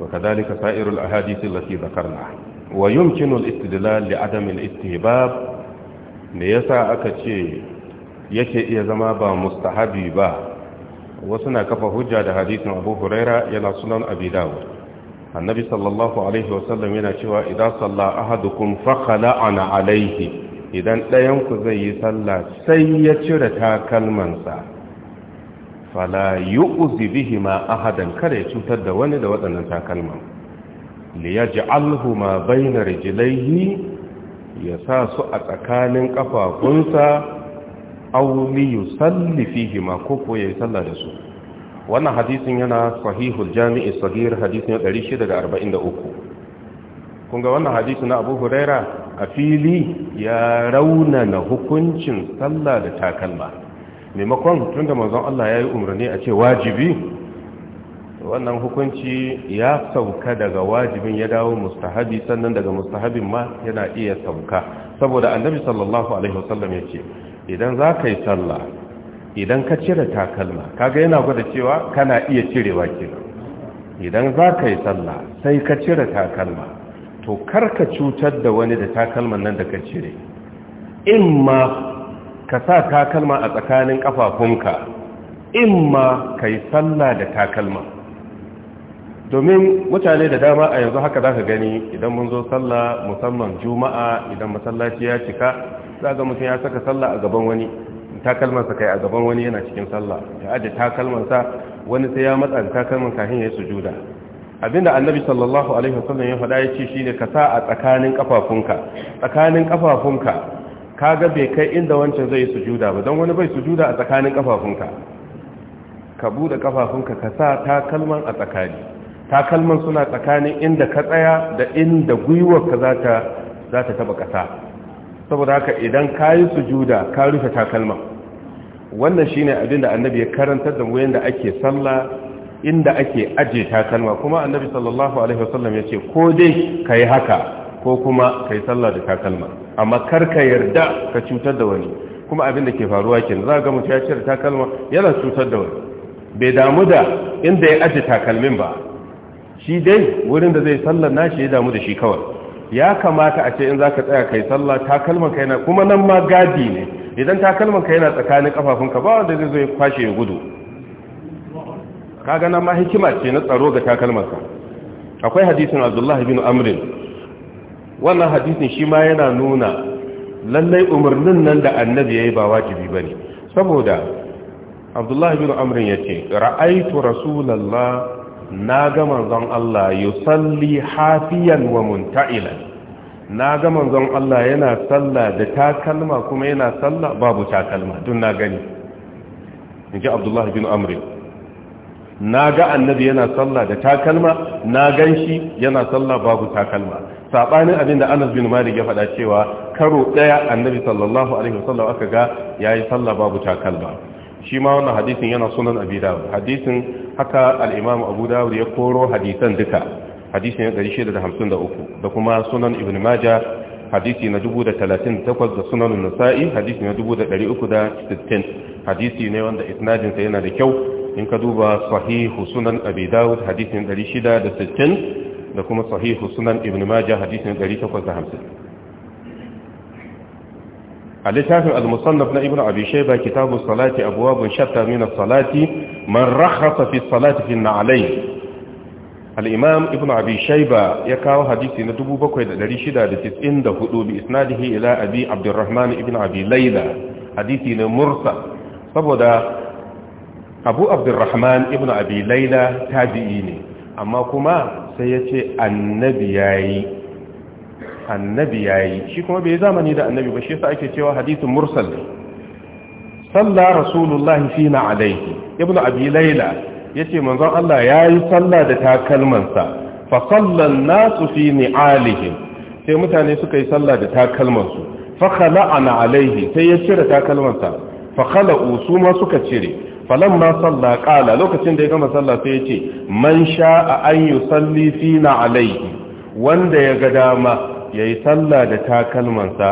S1: وكذلك سائر الأحاديث التي ذكرناها ويمكن الاستدلال لعدم الاستهباب aka ce? yake iya zama ba mustahabi ba wasu na kafa hujja da hadisin abu huraira yana sunan abi annabi sallallahu alaihi wasallam yana cewa idan salla ahadukum fakhala ana alaihi idan ɗayan ku zai yi sallah sai ya cire takalmansa fala yu'zi bihi ma ahadan kare cutar da wani da waɗannan takalman ma bayna rijlaihi ya sa su a tsakanin kafafunsa aw li yusalli fihi ma ko ko yayi sallah da su wannan hadisin yana sahihul jami'i sagir hadisin 643 kun ga wannan hadisi na Abu Huraira a fili ya na hukuncin sallah da takalma maimakon tunda manzon Allah yayi umarni a ce wajibi wannan hukunci ya sauka daga wajibin ya dawo mustahabi sannan daga mustahabin ma yana iya sauka saboda annabi sallallahu alaihi wasallam yace idan za ka yi sallah idan ka cire takalma kaga yana gwada cewa kana iya cirewa kenan idan za ka yi sallah sai ka cire takalma to kar ka cutar da wani da takalman nan da ka cire imma ka sa takalma a tsakanin kafafunka imma ka yi sallah da takalma domin mutane da dama a yanzu haka za ka gani idan mun zo sallah musamman juma'a idan masallaci ya cika za ga mutum ya saka sallah a gaban wani takalmansa kai a gaban wani yana cikin sallah ya aje takalmansa wani sai ya matsa da takalman kafin ya sujuda abinda annabi sallallahu alaihi wasallam ya faɗa ya ce shine ka sa a tsakanin kafafunka tsakanin kafafunka kaga bai kai inda wancan zai sujuda ba don wani bai sujuda a tsakanin kafafunka ka bude kafafunka ka sa takalman a tsakani takalman suna tsakanin inda ka tsaya da inda gwiwarka za ta za ta taba kasa saboda haka idan ka yi sujuda ka rufe takalma wannan shine abin da annabi ya karantar da mu yanda ake sallah inda ake aje takalma kuma annabi sallallahu alaihi wasallam ya ce ko dai ka yi haka ko kuma ka yi sallah da takalma amma kar ka yarda ka cutar da wani kuma abin da ke faruwa kenan za ga mutum ya da takalma yana cutar da wani bai damu da inda ya aje takalmin ba shi dai wurin da zai sallar nashi ya damu da shi kawai ya kamata a ce in za ka tsaya kai sallah takalman ka yana kuma nan ma gadi ne idan takalman ka yana tsakanin kafafun ka ba wanda zai zo ya kwashe ya gudu kaga nan ma hikima ce na tsaro ga takalman ka akwai hadisin Abdullah bin Amr wannan hadisin shi ma yana nuna lallai umarnin nan da annabi ya yi ba wajibi bane saboda Abdullah ibn Amr yace ra'aitu rasulullah na ga manzon Allah salli hafiyan wa munta'ilan na ga manzon Allah yana salla da takalma kuma yana salla babu takalma Don na gani ji Abdullahi bin Amri. na ga annabi yana salla da takalma na shi yana salla babu takalma Saɓanin abin da Anas bin Malik ya faɗa cewa karo ɗaya annabi sallallahu alaihi wasallam aka ga yayi salla babu takalma shi ma wannan hadisin yana sunan abi dawud hadisin haka al'imam abu dawud ya koro hadisan duka hadisin shida da hamsin da da uku kuma sunan ibn Maja hadisi na dubu da talatin da takwas sunan nasa'i hadisi na dubu da da ɗari uku sittin hadisi ne wanda isnadin yana da kyau in ka duba sahihu sunan abi dawud hadisin shida da sittin da kuma sahihu sunan ibn majah hadisin hamsin. a littafin al-musannaf na ibnu abi shayba kitabu salati abwabun shatta min as-salati man rakhasa fi salati fi an al-imam ibnu abi shayba ya kawo hadisi na 7694 bi isnadihi ila abi abdurrahman ibnu abi layla hadisi mursa saboda abu tabi'i ne amma kuma sai yace annabi yayi annabi yayi shi kuma bai zamani da annabi ba shi yasa ake cewa hadithun mursal salla rasulullahi fina alaihi ibnu abi laila yace manzon Allah yayi salla da takalmansa fa sallan nasu fi ni'alihim sai mutane suka yi salla da takalmansu fa ana alaihi sai ya cire takalmansa fa khala'u su ma suka cire falamma salla qala lokacin da ya gama salla sai yace man a an yusalli fina alaihi wanda ya ga dama yayi sallah da takalmansa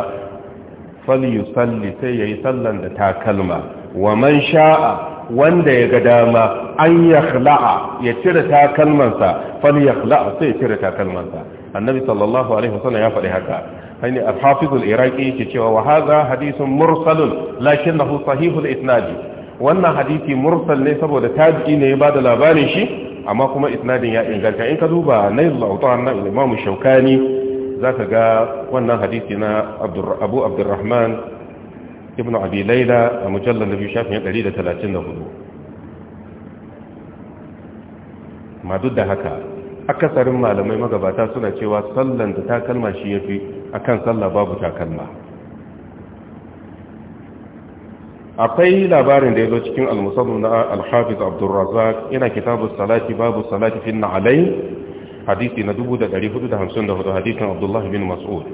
S1: falyusalli sai yayi sallan da takalma wa man sha'a wanda ya ga dama an yakhla'a ya cire takalmansa falyakhla'a sai ya cire takalmansa annabi sallallahu alaihi wasallam ya faɗi haka hani al-hafiz al-iraqi cewa wa hadha hadithun mursalun lakinnahu sahihul isnadi wannan hadisi mursal ne saboda tabi'i ne ya bada labarin shi amma kuma isnadin ya inganta in ka duba nail al-awtan na imam shaukani za ka ga wannan hadisi na abu abdurrahman ibn abi laila a mujallar na biyu shafin 134 ma duk da haka akasarin malamai magabata suna cewa sallan da takalma shi ya fi a kan sallah babu takalma akwai labarin da ya zo cikin almusamman na alhafiz abdurrazak yana kitabu salati babu salati finna na'alai hadisi na 454 hadisin abdullahi bin mas'ud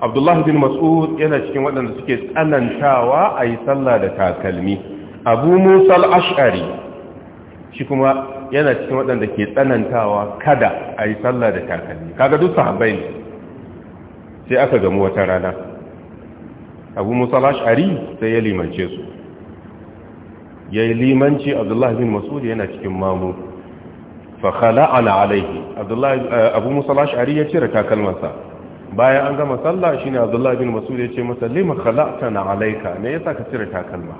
S1: abdullahi bin mas'ud yana cikin waɗanda suke tsanantawa a yi sallah da takalmi abu musa al'ashari shi kuma yana cikin waɗanda ke tsanantawa kada a yi sallah da takalmi kaga duk sahabbai ne sai aka gamu wata rana abu musa al'ashari sai ya limance su ya limanci abdullahi bin mas'ud yana cikin mamu fa khala'ana alaihi abdullahi eh, abu musa al ya cire takalmansa bayan an gama sallah ne abdullahi bin mas'ud ya ce masa lima khala'tana alaika me yasa ka cire takalma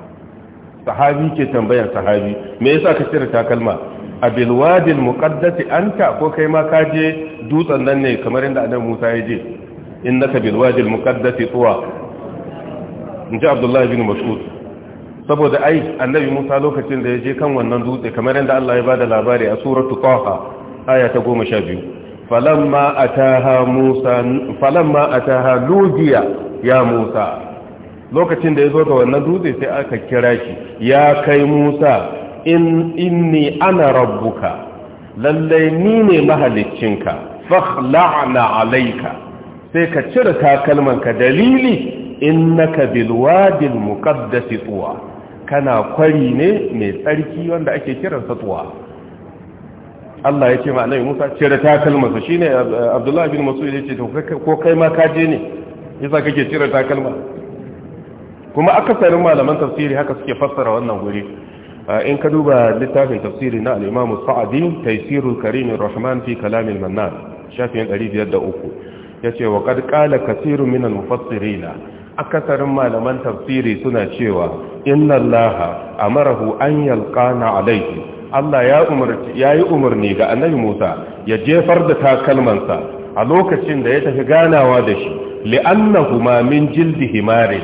S1: sahabi ke tambayar sahabi me yasa ka cire takalma a bilwadil muqaddasi ta ko kai ma ka je dutsen nan ne kamar inda annabi Musa ya je innaka bilwadil muqaddasi tuwa inji abdullahi bin mas'ud saboda ai annabi Musa lokacin da ya je kan wannan dutse kamar yadda Allah ya bada labari a suratu Taha aya ta 12 falamma ataha Musa falamma ataha ludiya ya Musa lokacin da ya zo ga wannan dutse sai aka kira shi ya kai Musa in inni ana rabbuka lallai ni ne mahaliccinka fakhla'na alayka sai ka cire takalmanka dalili innaka bilwadil muqaddas tuwa kana kwari ne mai tsarki wanda ake kiransa tuwa Allah ya ce ma annabi Musa cire takalmansa shine Abdullahi bin Mas'ud ya ce ko kai ma ka je ne yasa kake cire takalma kuma akasarin malaman tafsiri haka suke fassara wannan guri in ka duba littafin tafsiri na al-Imam Sa'di Taysirul Karim Rahman fi Kalam al-Mannan shafin 503 yace wa qad qala kathirun min al-mufassirin akasarin malaman tafsiri suna cewa inna allaha amarahu an yalqana alayhi Allah ya yi umarni ga annabi Musa ya jefar da takalmansa a lokacin da ya tafi ganawa da shi li'annahuma min jildi himari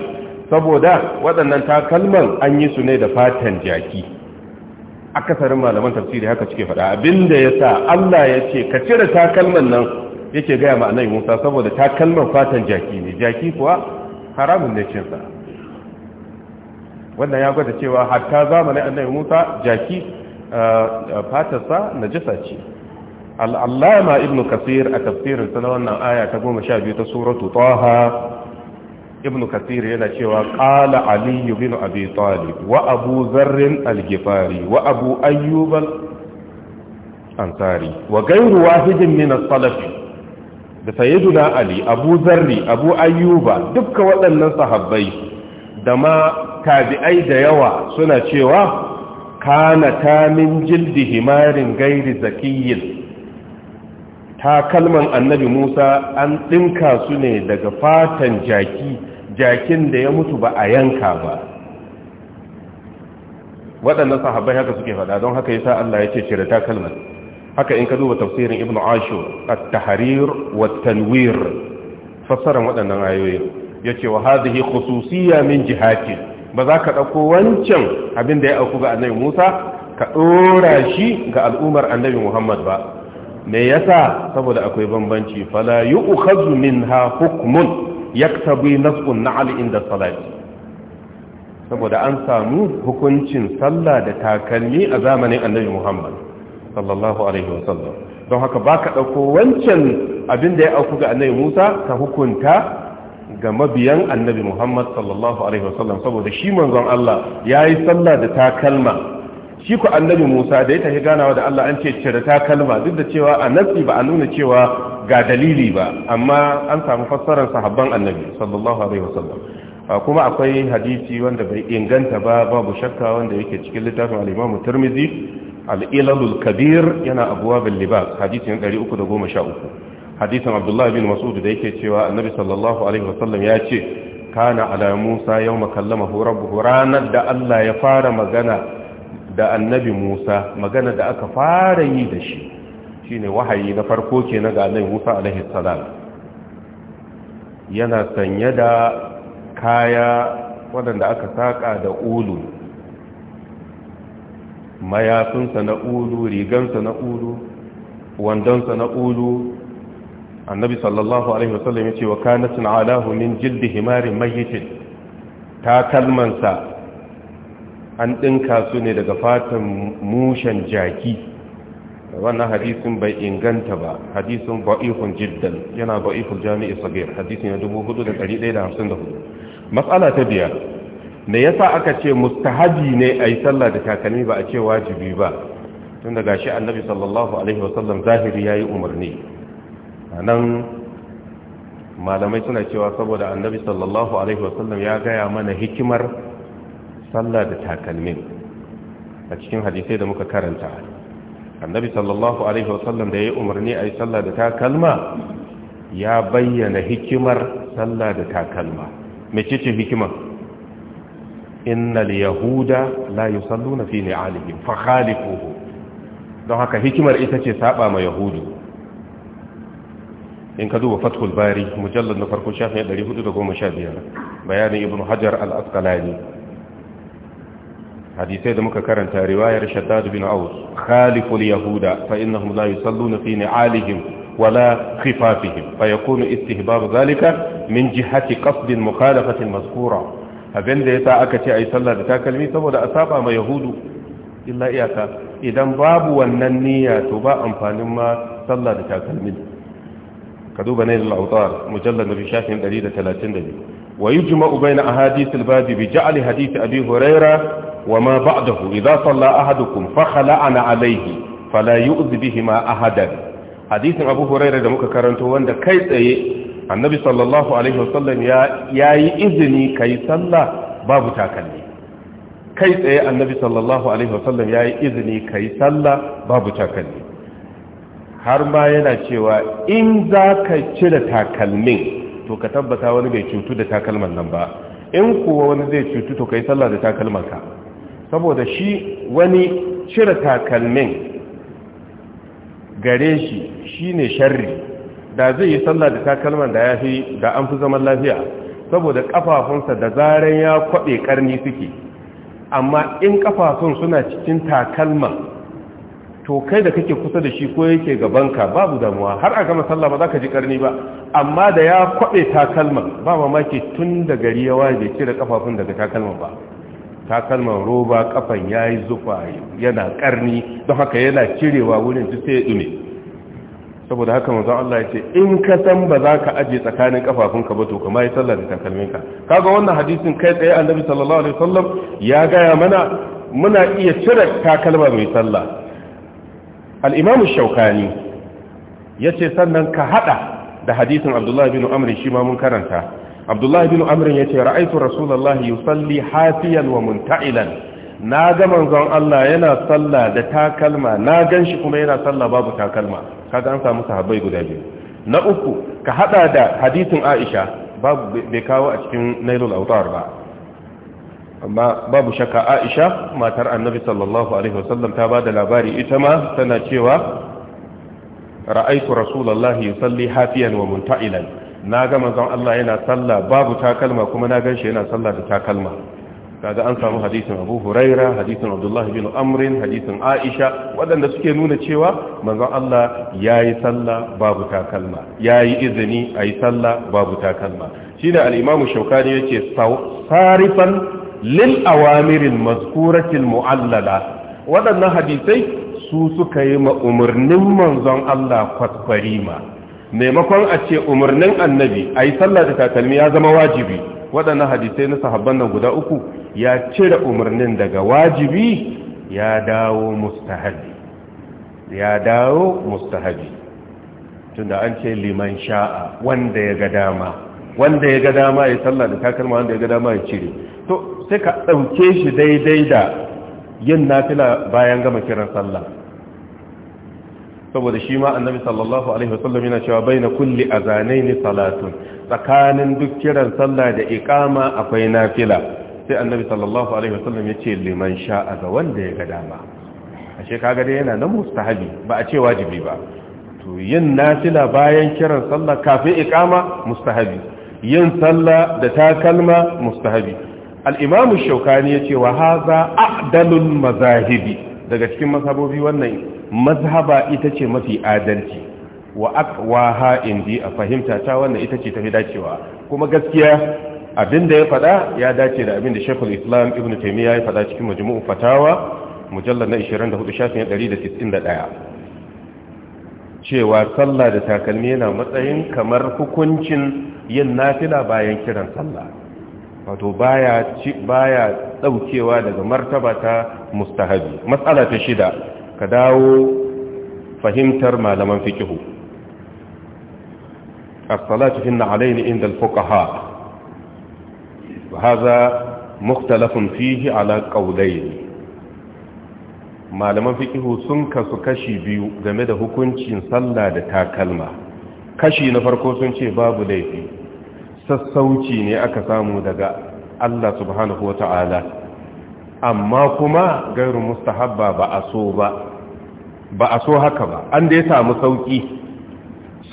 S1: saboda waɗannan takalman an yi su ne da fatan jaki akasarin malaman tafsiri haka cike faɗa abinda yasa Allah ya ce ka cire takalman nan yake gaya ma annabi Musa saboda takalman fatan jaki ne jaki kuwa haramun ne cin sa wannan ya gwada cewa hatta zamanin annabi Musa jaki eh, eh, fatarsa najasa ce al'allama Ibnu kasir a tafsirin na wannan aya ta goma sha biyu ta suratu taha Ibnu kasir yana cewa ƙala aliyu bin abi talib wa abu zaren algifari wa abu ayyubal ansari wa gairu wahidin min salafi da sayyiduna ali abu zarri abu ayyuba dukka waɗannan sahabbai da ma tabi'ai da yawa suna cewa kana ta min jildi himarin gairi zakiyin ta kalman annabi musa an ɗinka su ne daga fatan jaki jakin da ya mutu ba a yanka ba waɗannan sahabbai haka suke faɗa don haka sa Allah ya ce cire takalman haka in ka duba tafsirin ibn ashur at-tahrir wa tanwir fassara waɗannan ayoyi yace wa hadhihi khususiyya min jihati ba za ka dauko wancan abin da ya auku ga annabi Musa ka dora shi ga al'ummar annabi Muhammad ba me yasa saboda akwai bambanci fala yu'khadhu minha hukmun yaktabi nasbun na'al inda salati saboda an samu hukuncin sallah da takalmi a zamanin annabi Muhammad sallallahu alaihi wasallam don haka baka dauko wancan abin da ya auku ga annabi Musa ka hukunta ga mabiyan annabi Muhammad sallallahu alaihi wasallam saboda shi manzon Allah yayi sallah da takalma shi ku annabi Musa da ya tafi ganawa da Allah an ce cire takalma duk da cewa a nasi ba a nuna cewa ga dalili ba amma an samu fassarar sahabban annabi sallallahu alaihi wasallam kuma akwai hadisi wanda bai inganta ba babu shakka wanda yake cikin littafin al-Imam Tirmidhi al'ilalul kabir yana abuwa bin libas hadisin 313 hadisin abdullahi bin masudu da yake cewa annabi sallallahu alaihi wasallam ya ce kana ala musa yau makallama horabu ranar da allah ya fara magana da annabi musa magana da aka fara yi da shi shine wahayi na farko ke na ga musa alaihi salam yana sanye da kaya waɗanda aka saƙa da ulu mayafinsa na ulu rigansa na ulu wandonsa na ulu annabi sallallahu alaihi wasallam ya ce wa kanat alahu min jildi himarin mayyitin sa. an ɗinka su ne daga fatan mushen jaki wannan hadisin bai inganta ba hadisin ba'ihun jiddan yana ba'ihun jami'i sabir hadisin ya 4154 matsala ta biyar me yasa aka ce mustahabi ne a yi sallah da takalmi ba a ce wajibi ba tun da gashi annabi sallallahu alaihi wasallam zahiri ya yi umarni a nan malamai suna cewa saboda annabi sallallahu alaihi wasallam ya gaya mana hikimar sallah da takalmin a cikin hadisai da muka karanta annabi sallallahu alaihi wasallam da ya yi umarni a yi sallah da takalma ya bayyana hikimar sallah da takalma mai ce hikimar إن اليهود لا يصلون في نعالهم فخالفوه دو هكا هكمر إتاكي سابا ما يهود إن كدو فتح الباري مجلد نفرق شافي إلا يهود بيان ابن حجر الأسقلاني حديثي دمك كرنتا رواية رشداد بن أوس خالق اليهود فإنهم لا يصلون في نعالهم ولا خفافهم فيكون استهباب ذلك من جهة قصد المخالفه المذكوره abin da ya sa aka ce a yi sallah da takalmi saboda a saba ma yahudu illa iyaka idan babu wannan niyya to ba amfanin ma sallah da takalmi ka duba na yin al'autar mujallar na bishafin 132 wa yi jima'u bai na ahadisul babi bi ali hadisi abi huraira wa ma ba'dahu idan sallah ahadukum fa khala'ana alayhi fala yu'zi bihi ma ahadan hadisin abu huraira da muka karanto wanda kai tsaye annabi sallallahu alaihi wasallam ya yi izini ka yi sallah babu takalmi kai tsaye annabi sallallahu alaihi wasallam ya yi izini ka yi sallah babu takalmi har ma yana cewa in za ka cire takalmin to ka tabbata wani bai cutu da takalman nan ba in kuwa wani zai cutu to ka yi sallah da ka saboda shi wani cire takalmin gare shi shi ne sharri da zai yi sallah da takalman da ya fi da an fi zaman lafiya saboda kafafunsa da zaren ya kwaɓe karni suke amma in kafafun suna cikin takalma to kai da kake kusa da shi ko yake gabanka babu damuwa har a gama sallah ba za ka ji karni ba amma da ya kwaɓe takalma ba mamaki tun da gari ya waje cire kafafun daga takalma ba takalman roba kafan ya yi zufa yana karni don haka yana cirewa wurin ji sai ya ɗume saboda haka manzon Allah yace in ka san ba za ka aje tsakanin kafafunka ba to kuma yi sallah da takalminka kaga wannan hadisin kai tsaye annabi sallallahu alaihi wasallam ya gaya mana muna iya cire takalma mai sallah al-imam shaukani yace sannan ka hada da hadisin abdullahi bin amr shi ma mun karanta abdullahi bin amr yace ra'aytu rasulullahi yusalli hafiyan wa munta'ilan na ga manzon Allah yana sallah da takalma na ganshi kuma yana sallah babu takalma kaga an samu sahabbai guda biyu na uku ka hada da hadisin Aisha babu bai kawo a cikin Nailul Awtar ba amma babu shakka Aisha matar Annabi sallallahu alaihi wasallam ta bada labari ita ma tana cewa ra'aytu rasulullahi yusalli hafiyan wa munta'ilan na ga manzon Allah yana sallah babu takalma kuma na ganshi yana sallah da takalma kaga an samu hadisin Abu Huraira hadisin Abdullah bin Amr hadisin Aisha waɗanda suke nuna cewa manzon Allah yayi sallah babu takalma yayi izini ayi sallah babu takalma shine al-Imam Shawkani yace sarifan lil awamirin mazkuratil muallala waɗannan hadisai su suka yi ma umarnin manzon Allah kwakwarima. maimakon a ce umarnin annabi ayi sallah da takalmi ya zama wajibi waɗannan hadisai na sahabban nan guda uku ya cire umarnin daga wajibi ya dawo mustahabi ya dawo mustahabi tunda an ce liman sha'a wanda ya ga dama wanda ya ga dama ya sallah da takalma wanda ya ga dama ya cire to sai ka ɗauke shi daidai da yin nafila bayan gama kiran sallah saboda shi ma annabi sallallahu alaihi wasallam yana cewa baina kulli azanaini salatun tsakanin duk kiran sallah da ikama akwai nafila sai annabi sallallahu alaihi wasallam yace liman sha'a ga wanda ya ga dama ashe kaga dai yana na mustahabi ba a ce wajibi ba to yin nafila bayan kiran sallah kafin ikama mustahabi yin sallah da takalma mustahabi al imamu shaukani yace wa hadha a'dalul mazahibi daga cikin mazhabobi wannan mazhaba ita ce mafi adalci wa aqwaha indi a fahimta ta wannan ita ce ta fi dacewa kuma gaskiya abin da ya fada ya dace da abin da shekul Islam Ibn taimiyya ya fada cikin majimu'un Fatawa mujallar na 24 shafin cewa sallah da takalmi yana matsayin kamar hukuncin yin nafila bayan kiran sallah wato baya baya daukewa daga martaba ta mustahabi matsala ta shida ka dawo fahimtar malaman fikihu as-salatu fi an-na'alayn inda al-fuqaha hadha fihi ala qawlayn malaman fikihu sun kasu kashi biyu game da hukuncin sallah da takalma kashi na farko sun ce babu laifi sassauci ne aka samu daga Allah subhanahu wa ta'ala amma kuma gairu mustahabba ba a so ba ba a so haka ba an da ya samu sauki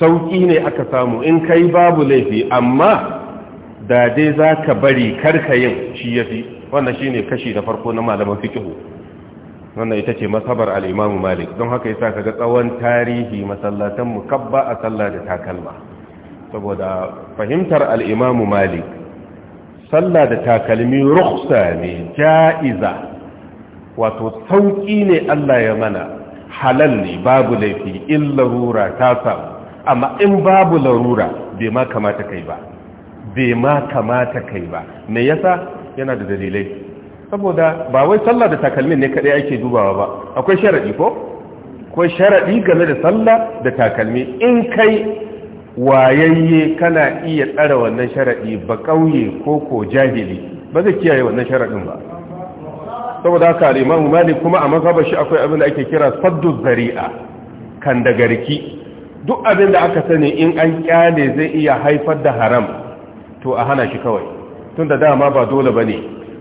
S1: Sauƙi ne aka samu in kai babu laifi amma da dai za ka bari karka yin shi ya fi wannan shi ne kashi da farko na malaman fikihu wannan ita ce masabar al'imamu malik don haka yasa ka ga tsawon tarihi masallatan mukabba a sallah da takalma saboda fahimtar al'imamu malik sallah da takalmi ruksa ne ja'iza wato sauƙi ne allah ya mana halal ne babu laifi in larura ta samu amma in babu larura bai ma kamata kai ba bai ma kamata kai ba me yasa yana da dalilai saboda ba wai sallah da takalmin ne kadai ake dubawa ba akwai sharadi ko akwai sharadi game da sallah da takalmi in kai wayayye kana iya tsara wannan sharadi ba kauye ko ko jahili ba zai kiyaye wannan sharadin ba saboda haka al-Imam Malik kuma a mazhabar shi akwai abin da ake kira saddu zari'a kan da garki duk abin da aka sani in an kyale zai iya haifar da haram to a hana shi kawai tun da dama ba dole ba ne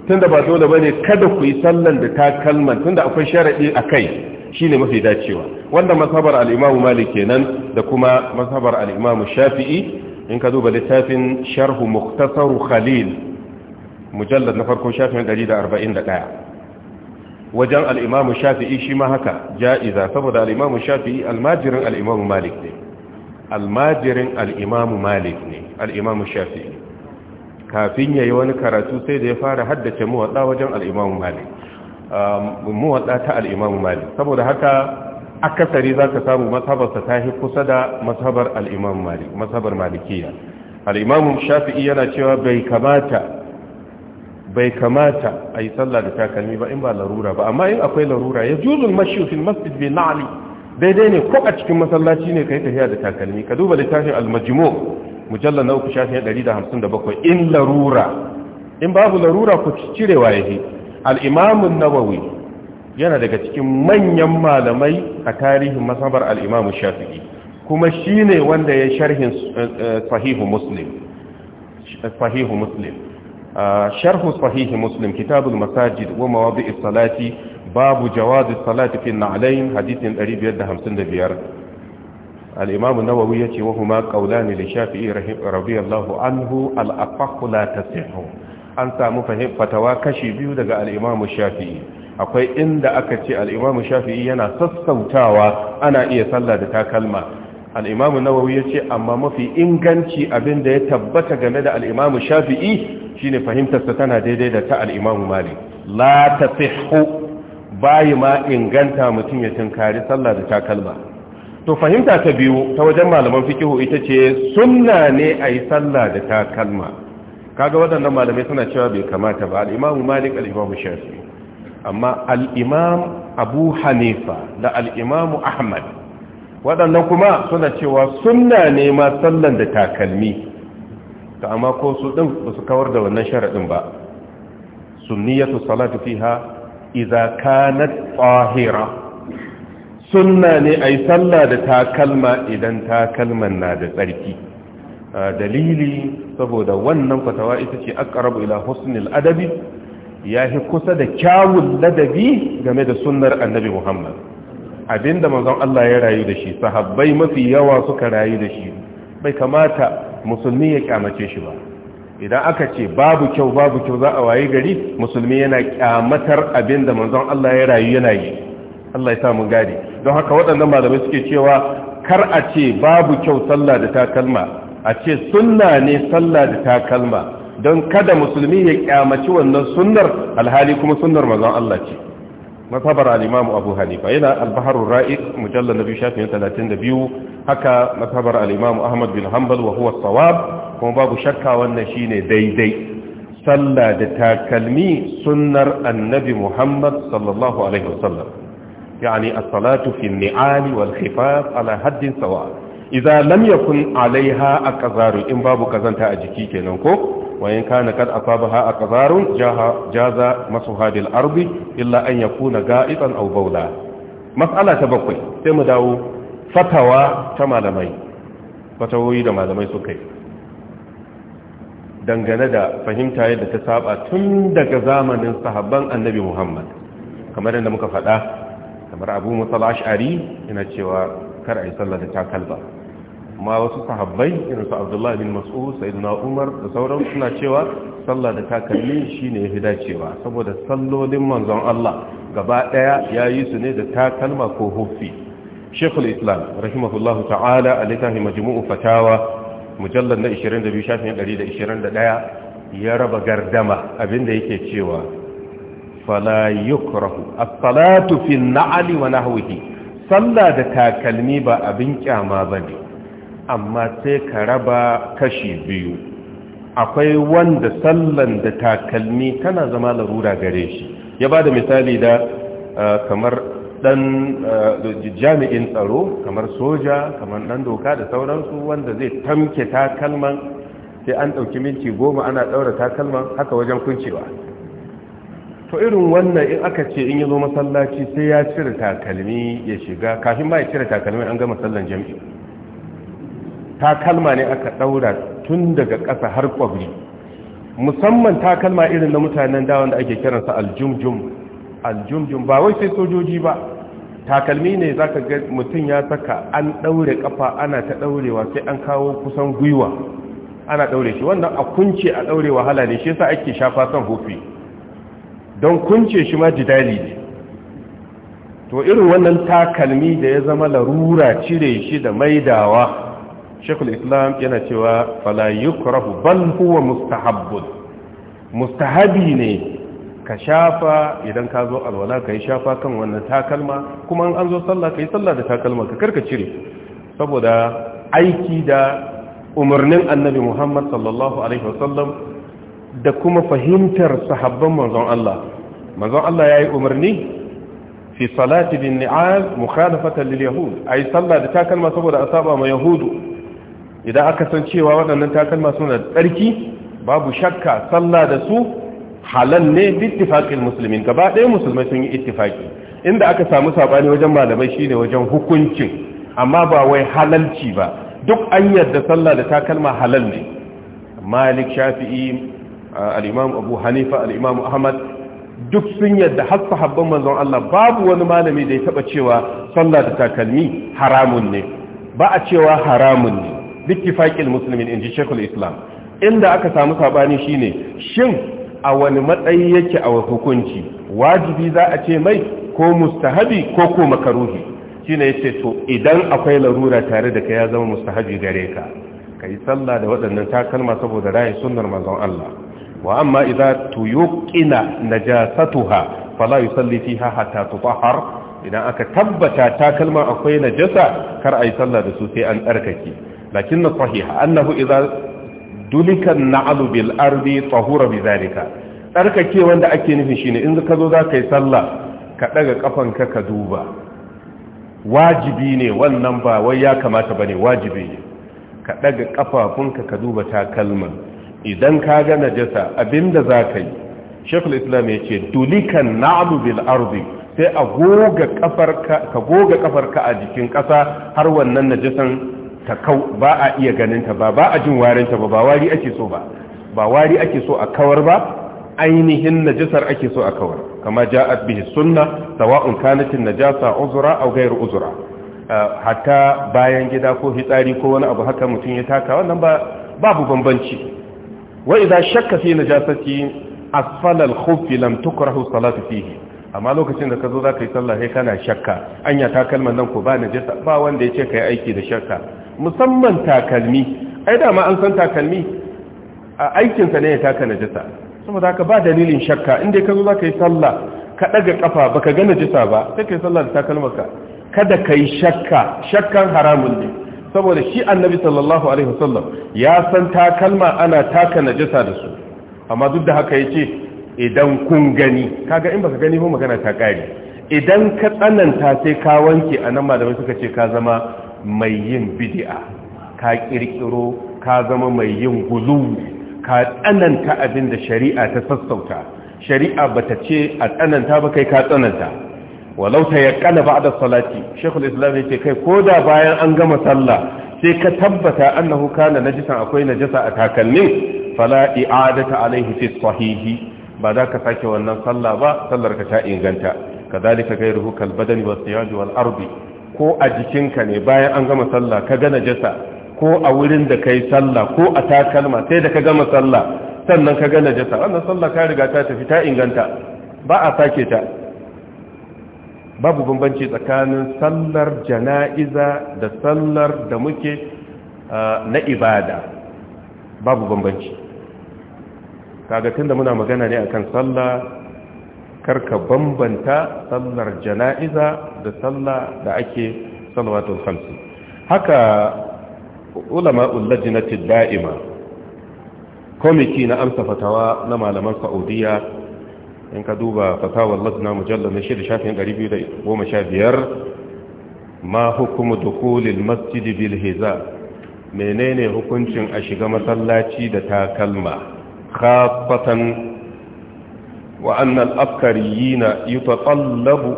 S1: tun da ba dole ba ne kada ku yi sallan da ta kalman tun da akwai sharaɗi a kai shi ne mafi dacewa wanda masabar al'imamu malik kenan da kuma masabar al'imamu shafi'i in ka duba littafin sharhu muktasaru khalil mujallar na farko shafin 141 wajen al'imamu shafi'i shi ma haka ja'iza saboda al'imamu shafi'i almajirin al'imamu malik ne almajirin al'imamu malik ne al'imamu shafi'i kafin ya yi wani karatu sai da ya fara haddace muwaɗa wajen al'imamu malik um, muwaɗa ta al'imamu malik saboda haka akasari za ka samu masabarsa ta yi kusa da masabar al'imamu malik masabar malikiya al'imamu shafi'i yana cewa bai kamata bai kamata a yi sallah da takalmi ba in ba larura ba amma in akwai larura ya juzun mashi masjid bi na'ali daidai ne ko a cikin masallaci ne ka yi tafiya da takalmi ka duba littafin al-majmu mujallal na uku shafin 157 in larura in babu larura ku cirewa yake al al'imamun nawawi yana daga cikin manyan malamai a tarihin masabar al shafi'i kuma shine wanda ya sharhin sahihu eh, eh, sahihu muslim sharhu sahihi muslim kitabul masajid wa mawadi'is salati babu jawazis salati fi na'layn hadithin 555 al-imam an-nawawi yace wa huma qawlan li shafi'i radiyallahu anhu al-aqfaq la tasihhu an samu fahim fatawa kashi biyu daga al-imam shafi'i akwai inda aka ce al-imam shafi'i yana sassautawa ana iya sallah da takalma al'imamu nawawi ya ce amma mafi inganci abin da ya tabbata game da al'imamu shafi'i shi ne fahimtarsa tana daidai da ta al'imamu mali la ta ho bayi ma inganta mutum ya tunkari sallah da takalma to fahimta ta biyu ta wajen malaman fikihu ita ce suna ne a yi sallah da takalma kaga waɗannan malamai suna cewa bai kamata ba al'imamu malik al'imamu shafi'i amma al'imam abu hanifa da al'imamu ahmad waɗannan kuma suna cewa sunna nema ma sallan da takalmi ta amma ko su ɗin ba su kawar da wannan sharaɗin ba sunniyatu salatu fiha idza kanat tahira sunna ne ai sallah da takalma idan takalman na da tsarki dalili saboda wannan fatawa ita ce aqrabu ila husnil adabi yahi kusa da kyawun ladabi game da sunnar annabi Muhammad abinda manzon Allah ya rayu da shi sahabbai mafi yawa suka rayu da shi bai kamata musulmi ya kyamace shi ba idan aka ce babu kyau babu kyau za a waye gari musulmi yana kyamatar abinda manzon Allah ya rayu yana yi Allah ya sa mun gadi don haka waɗannan malamai suke cewa kar a ce babu kyau sallah da takalma a ce sunna ne sallah da takalma don kada musulmi ya kyamaci wannan sunnar alhali kuma sunnar manzon Allah ce masabar al'imamu abu hanifa yana albaharun ra'i mujallar na biyu shafin talatin da biyu haka masabar al'imamu ahmad bin hanbal wa huwa sawab kuma babu shakka wannan shine daidai sallah da takalmi sunnar annabi muhammad sallallahu alaihi wasallam yani a salatu fi ni'ali wal khifaf ala haddin sawa idza lam yakun alaiha aqzaru in babu kazanta a jiki kenan ko wayan kana kad asabaha aqzarun jaza masuha bil ardi illa an yakuna ga'itan bawla mas'ala ta bakwai sai mu dawo fatawa ta malamai fatawoyi da malamai suka yi dangane da fahimta yadda ta saba tun daga zamanin sahabban annabi Muhammad kamar yadda muka faɗa kamar Abu Musa al-Ash'ari yana cewa kar a yi sallah da takalba Ma wasu sahabbai irin su abdullahi bin mas'ud sayyidina umar da sauran suna cewa sallah da takalmi shine fi dacewa saboda sallolin manzon Allah gaba ya yayi su ne da takalma ko hufi. shekul islam rahimahullahu ta'ala a littafin majmu'u fatawa mujallar na 22 shafin ya raba gardama abinda yake cewa fala yukrahu as-salatu fi an-na'li wa nahwihi sallah da takalmi ba abin kyama bane amma sai ka raba kashi biyu akwai wanda sallan da takalmi tana zama larura gare shi ya ba da misali da uh, kamar dan uh, jami'in tsaro kamar soja kamar dan doka da sauransu wanda zai tamke takalman sai an ɗauki minti goma ana ɗaura takalman haka wajen kuncewa to irin wannan in aka ce in ya zo masallaci sai ya cire takalmi ya shiga kafin ma ya cire takalmi an gama masallan jami'i takalma ne aka daura tun daga ƙasa har kwabri musamman takalma irin na mutanen da wanda ake kiransa aljumjum aljumjum ba wai sai sojoji ba takalmi ne za ka ga mutum ya saka an ɗaure ƙafa ana ta ɗaurewa sai an kawo kusan gwiwa ana ɗaure shi wannan a kunce a ɗaure wahala ne shi yasa ake shafa son hofi don kunce shi ma jidali ne to irin wannan takalmi da ya zama larura cire shi da maidawa shekul islam yana cewa fala yukrahu bal huwa mustahabbun mustahabi ne ka shafa idan ka zo alwala ka yi shafa kan wannan takalma kuma an zo sallah ka yi sallah da takalma ka karka cire saboda aiki da umarnin annabi muhammad sallallahu alaihi wasallam da kuma fahimtar sahabban manzon Allah manzon Allah ya yi umarni fi salati bin ni'az mukhalafatan lil yahud ay sallah da takalma saboda asaba ma yahudu idan aka san cewa waɗannan takalma suna da tsarki babu shakka sallah da su halal ne bi ittifaqil muslimin gaba ɗaya musulmai sun yi ittifaqi inda aka samu sabani wajen malamai shine wajen hukuncin amma ba wai halalci ba duk an yarda sallah da takalma halal ne malik shafi'i al-imam abu hanifa al-imam ahmad duk sun yarda har sahabban manzon Allah babu wani malami da ya taba cewa sallah da takalmi haramun ne ba a cewa haramun ne bittifaqil in ji shekul islam inda aka samu sabani shine shin a wani matsayi yake a hukunci wajibi za a ce mai ko mustahabi ko ko makaruhi shine yace to idan akwai larura tare da kai ya zama mustahabi gare ka kai sallah da waɗannan takalma saboda rayi sunnar manzon Allah wa amma idza tuyqina najasatuha fala yusalli fiha hatta tutahhar idan aka tabbata takalma akwai najasa kar ayi sallah da su sai an tsarkake lakin sahiha annahu idza dulika na'lu bil ardi tahura bi zalika wanda ake nufi shine in ka zo za ka yi sallah ka daga kafanka ka duba wajibi ne wannan ba wai ya kamata bane wajibi ne ka daga kafafunka ka duba takalman idan ka ga najasa abinda za ka yi shekul islam ya ce dulikan na'lu bil sai a goga kafarka ka goga kafarka a jikin ƙasa har wannan najasan ta kau ba a iya ganinta ba ba a jin warinta ba ba wari ake so ba ba wari ake so a kawar ba ainihin najasar ake so a kawar kama ja'at bihi sunna sawa'un kanatin najasa uzra aw ghayr uzra ah, hatta bayan gida ko hitsari ko wani abu haka mutum ya taka wannan ba babu bambanci wa idza shakka fi najasati asfala al-khuff lam tukrahu salatu fihi amma lokacin da ka zo za ka yi sallah sai kana shakka anya takalma nan ko ba najasa ba wanda ya ce ka yi aiki da shakka musamman takalmi ai dama an san takalmi a aikinsa ne ya taka najasa saboda haka ba dalilin shakka inda ka zo za ka yi sallah ka ɗaga ƙafa ba ga najasa ba sai ka yi sallah da takalmarka kada ka shakka shakkan haramun ne saboda shi annabi sallallahu alaihi wasallam ya san takalma ana taka najasa da su amma duk da haka yace idan kun gani kaga in baka gani ba magana ta kare idan ka tsananta sai ka wanke anan malamai suka ce ka zama mai yin bid'a ka kirkiro ka zama mai yin gulu ka tsananta abin da shari'a ta sassauta shari'a bata ce a tsananta ba kai ka tsananta walau ta ba da salati shekul islam ce kai ko da bayan an gama sallah sai ka tabbata annahu kana najisan akwai najasa a takalmin fala i'adata alaihi fi sahihi ba za ka sake wannan sallah ba sallar ka ta inganta kadhalika ghayruhu kal badani was siyaj wal ardi ko a jikinka ne bayan an gama sallah ka gana jasa, ko a wurin da kai sallah ko a takalma sai da ka gama sallah sannan ka gana jasa. wannan sallah ka riga ta tafi ta inganta ba a sake ta babu bambanci tsakanin sallar jana'iza da sallar da muke na ibada babu bambanci kaga tunda muna magana ne akan sallah karka bambanta sallar jana'iza da sallah da ake salwatul khamsi haka ulama ullajinati da'ima komiti na amsa fatawa na malaman saudiya in ka duba fatawar lajina mujallar na shida shafin 215 ma hukumu dukulil masjidi bil hiza menene hukuncin a shiga masallaci da takalma khafatan Wa'annan annal afkariyina yatatallabu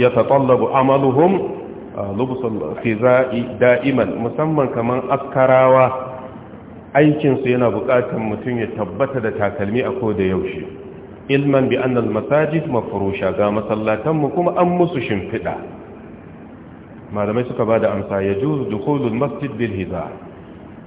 S1: yatatallabu amaluhum lubusul da'iman musamman kaman askarawa aikinsu yana buƙatar mutum ya tabbata da takalmi a koda yaushe ilman bi annal masajid mafrusha ga masallatanmu kuma an musu shimfiɗa malamai suka bada amsa ya juzu dukhulul masjid bil hiza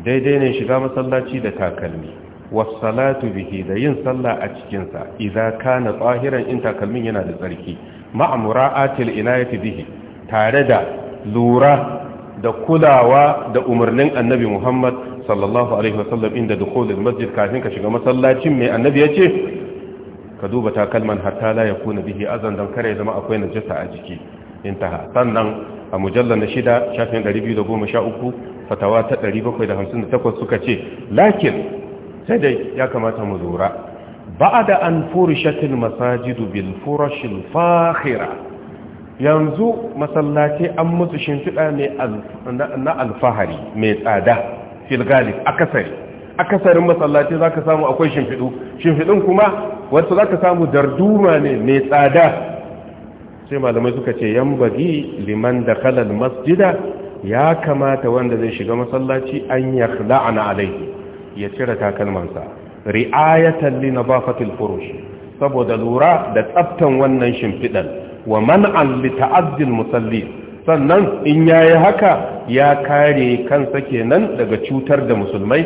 S1: daidai ne shiga masallaci da takalmi wasalatu bihi da yin sallah a cikinsa idza kana tsahiran in takalmin yana da tsarki ma'amura'atil inayati bihi tare da lura da kulawa da umarnin annabi Muhammad sallallahu alaihi wasallam inda dukhulul masjid kafin ka shiga masallacin mai annabi yace ka duba takalman hatta la yakuna bihi azan dan kare zama akwai najasa a jiki intaha sannan a mujallar na shida shafin 213 fatawa ta 758 suka ce lakin sai dai ya kamata mu zura. ba da an furishatil masajidu bil furashil fakhira yanzu masallaci an mutu shimfiɗa ne na alfahari mai tsada fil galib akasari akasarin masallaci zaka samu akwai shimfiɗu shimfiɗin kuma wasu zaka samu darduma ne mai tsada sai malamai suka ce yan bagi liman da kalar masjida ya kamata wanda zai shiga masallaci an yi la'ana alaihi ya cire takalmansa ri'ayatan li nazafatil furush saboda lura da tsaftan wannan shimfidan wa man'an li ta'addil musalli sannan in yayi haka ya kare kansa kenan daga cutar da musulmai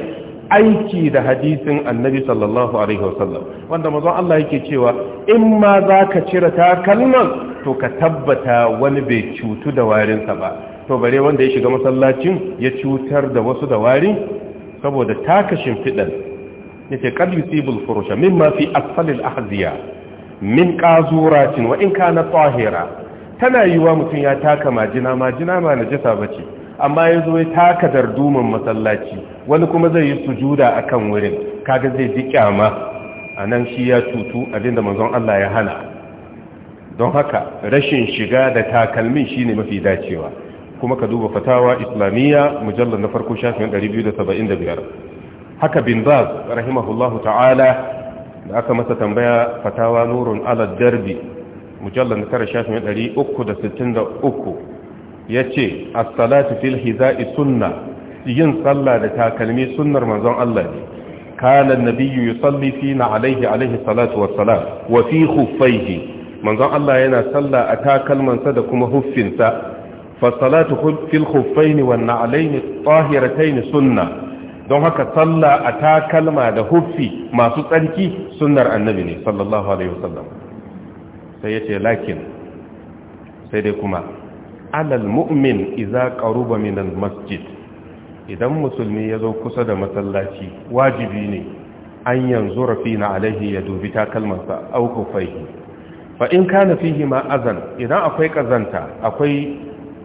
S1: aiki da hadisin annabi sallallahu alaihi wasallam wanda mazan Allah yake cewa in ma za ka cire takalman to ka tabbata wani bai cutu da warinsa ba to bare wanda ya shiga masallacin ya cutar da wasu da wari saboda taka shimfiɗar ya ce kad yusibul furusha min mafi asfalil ahziya min qazuratin wa in kana tahira tana yiwa mutum ya taka majina majina ma najasa ce. amma ya zo ya taka darduman masallaci wani kuma zai yi sujuda kan wurin kaga zai ji kyama anan shi ya cutu abinda manzon Allah ya hana don haka rashin shiga da takalmin shine mafi dacewa kuma ka duba fatawa islamiyya mujallar na farko shafin 275 haka bin baz rahimahullahu ta'ala da aka masa tambaya fatawa nurun ala darbi mujallar na tara shafin 363 ya ce assalatu fil hiza'i sunna yin sallah da takalmi sunnar manzon Allah ne kana nabiyyu yusalli fina alaihi alaihi salatu wassalam wa fi khuffaihi manzon Allah yana sallah a takalmansa da kuma huffinsa fasalatu fil khuffaini wan na'alaini tahirataini sunna don haka sallah, a takalma da huffi masu tsarki sunnar annabi ne sallallahu alaihi wasallam sai yace lakin sai dai kuma alal mu'min idza qaruba min al masjid idan musulmi ya zo kusa da masallaci wajibi ne an yanzu rafina alaihi ya dubi takalmansa au kufaihi fa in kana fihi ma azan idan akwai kazanta akwai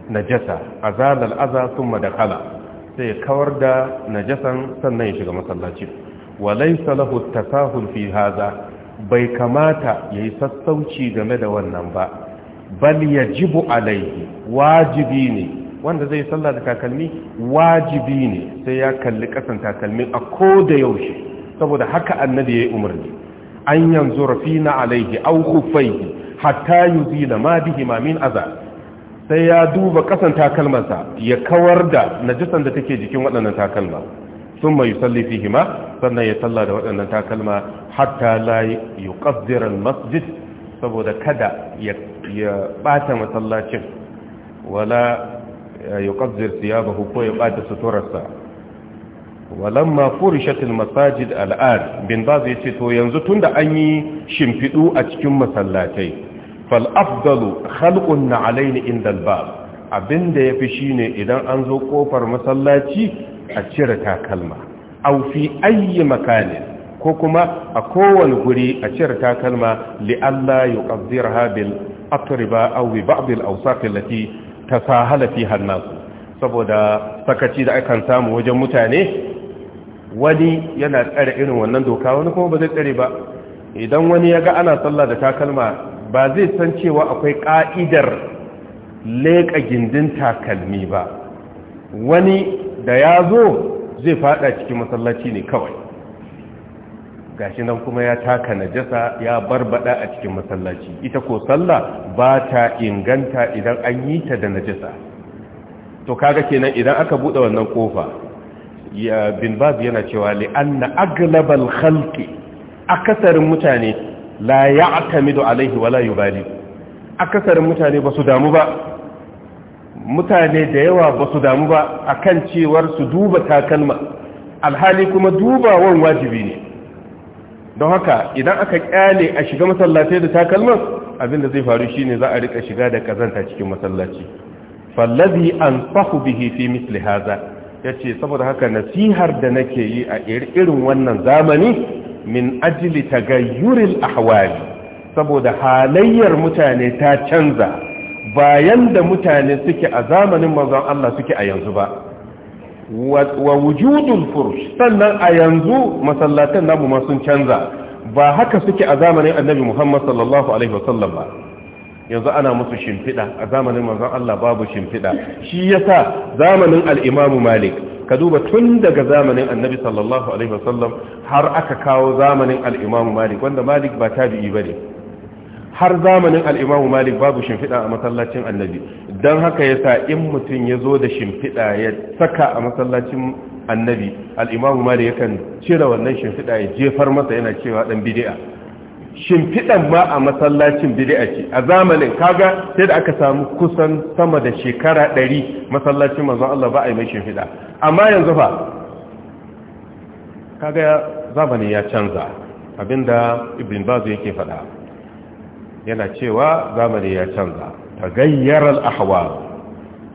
S1: najasa azal al'aza da dakhala sai kawar da najasan sannan ya shiga masallaci Walai laysa lahu fi haza, bai kamata yayi sassauci game da wannan ba bal ya jibu alaihi wajibi ne wanda zai sallah da takalmi wajibi ne sai ya kalli kasan takalmi a koda yaushe saboda haka annabi yi umarni an yanzu rafina alaihi aw khuffaihi hatta yuzila ma bihi ma min sai ya duba kasan takalmansa ya kawar da najisan da take jikin waɗannan takalma sun mai yusalli fihima sannan ya salla da waɗannan takalma hatta la yuqaddira masjid saboda kada ya ɓata masallacin wala yuqaddir thiyabahu ko ya bata suturarsa walamma furishat almasajid al'ad bin ya ce to yanzu tunda an yi shimfiɗu a cikin masallacai fal'afdalu halƙun na alaini indal ba abin da ya fi shi ne idan an zo kofar masallaci a cire takalma au fi ayyi makanin ko kuma a kowane guri a cire takalma li yi ƙabzir habil akriba aw bi al ausafin allati tasahala fiha an-nas saboda sakaci da akan samu wajen mutane wani yana tsare irin wannan doka wani kuma ba zai tsare ba idan wani ya ga ana sallah da takalma ba zai san cewa akwai ƙa'idar leƙa gindin takalmi ba wani da ya zo zai fada cikin masallaci ne kawai gashi nan kuma ya taka najasa ya barbada a cikin masallaci ita ko sallah ba ta inganta idan an yi ta da najasa to kaga kenan idan aka bude wannan kofa ya bin babu yana cewa li anna aglabal khalqi akasarin mutane la ya'tamidu alaihi wala yubali akasarin mutane ba su damu ba mutane da yawa ba su damu ba a kan cewar su duba takalma alhali kuma dubawan wajibi ne don haka idan aka kyale a shiga masallatai da takalman da zai faru shine za a rika shiga da kazanta cikin masallaci fallazi ansahu bihi fi misli hadha yace saboda haka nasihar da nake yi a irin wannan zamani min ajli tagayyuril ahwali saboda halayyar mutane ta canza bayan da mutane suke a zamanin manzon Allah suke a yanzu ba wa wujudul furush sannan a yanzu masallatan namu ma sun canza ba haka suke a zamanin annabi Muhammad sallallahu alaihi wasallam ba yanzu ana musu shimfiɗa a zamanin manzon Allah babu shimfiɗa shi yasa zamanin al Malik ka duba tun daga zamanin annabi sallallahu alaihi wasallam har aka kawo zamanin al'imamu malik wanda malik ba tabi'i bane har zamanin al'imamu malik babu shimfiɗa a masallacin annabi don haka ya in mutum ya zo da shimfiɗa ya saka a masallacin annabi al'imamu malik yakan cire wannan shimfiɗa ya jefar masa yana cewa dan bid'a shimfiɗan ma a masallacin bidi'a ce a zamanin kaga sai da aka samu kusan sama da shekara ɗari masallacin manzon Allah ba a yi mai shimfiɗa amma yanzu fa kaga zamani ya canza abinda ibn bazu yake fada yana cewa zamani ya canza tagayyara al-ahwal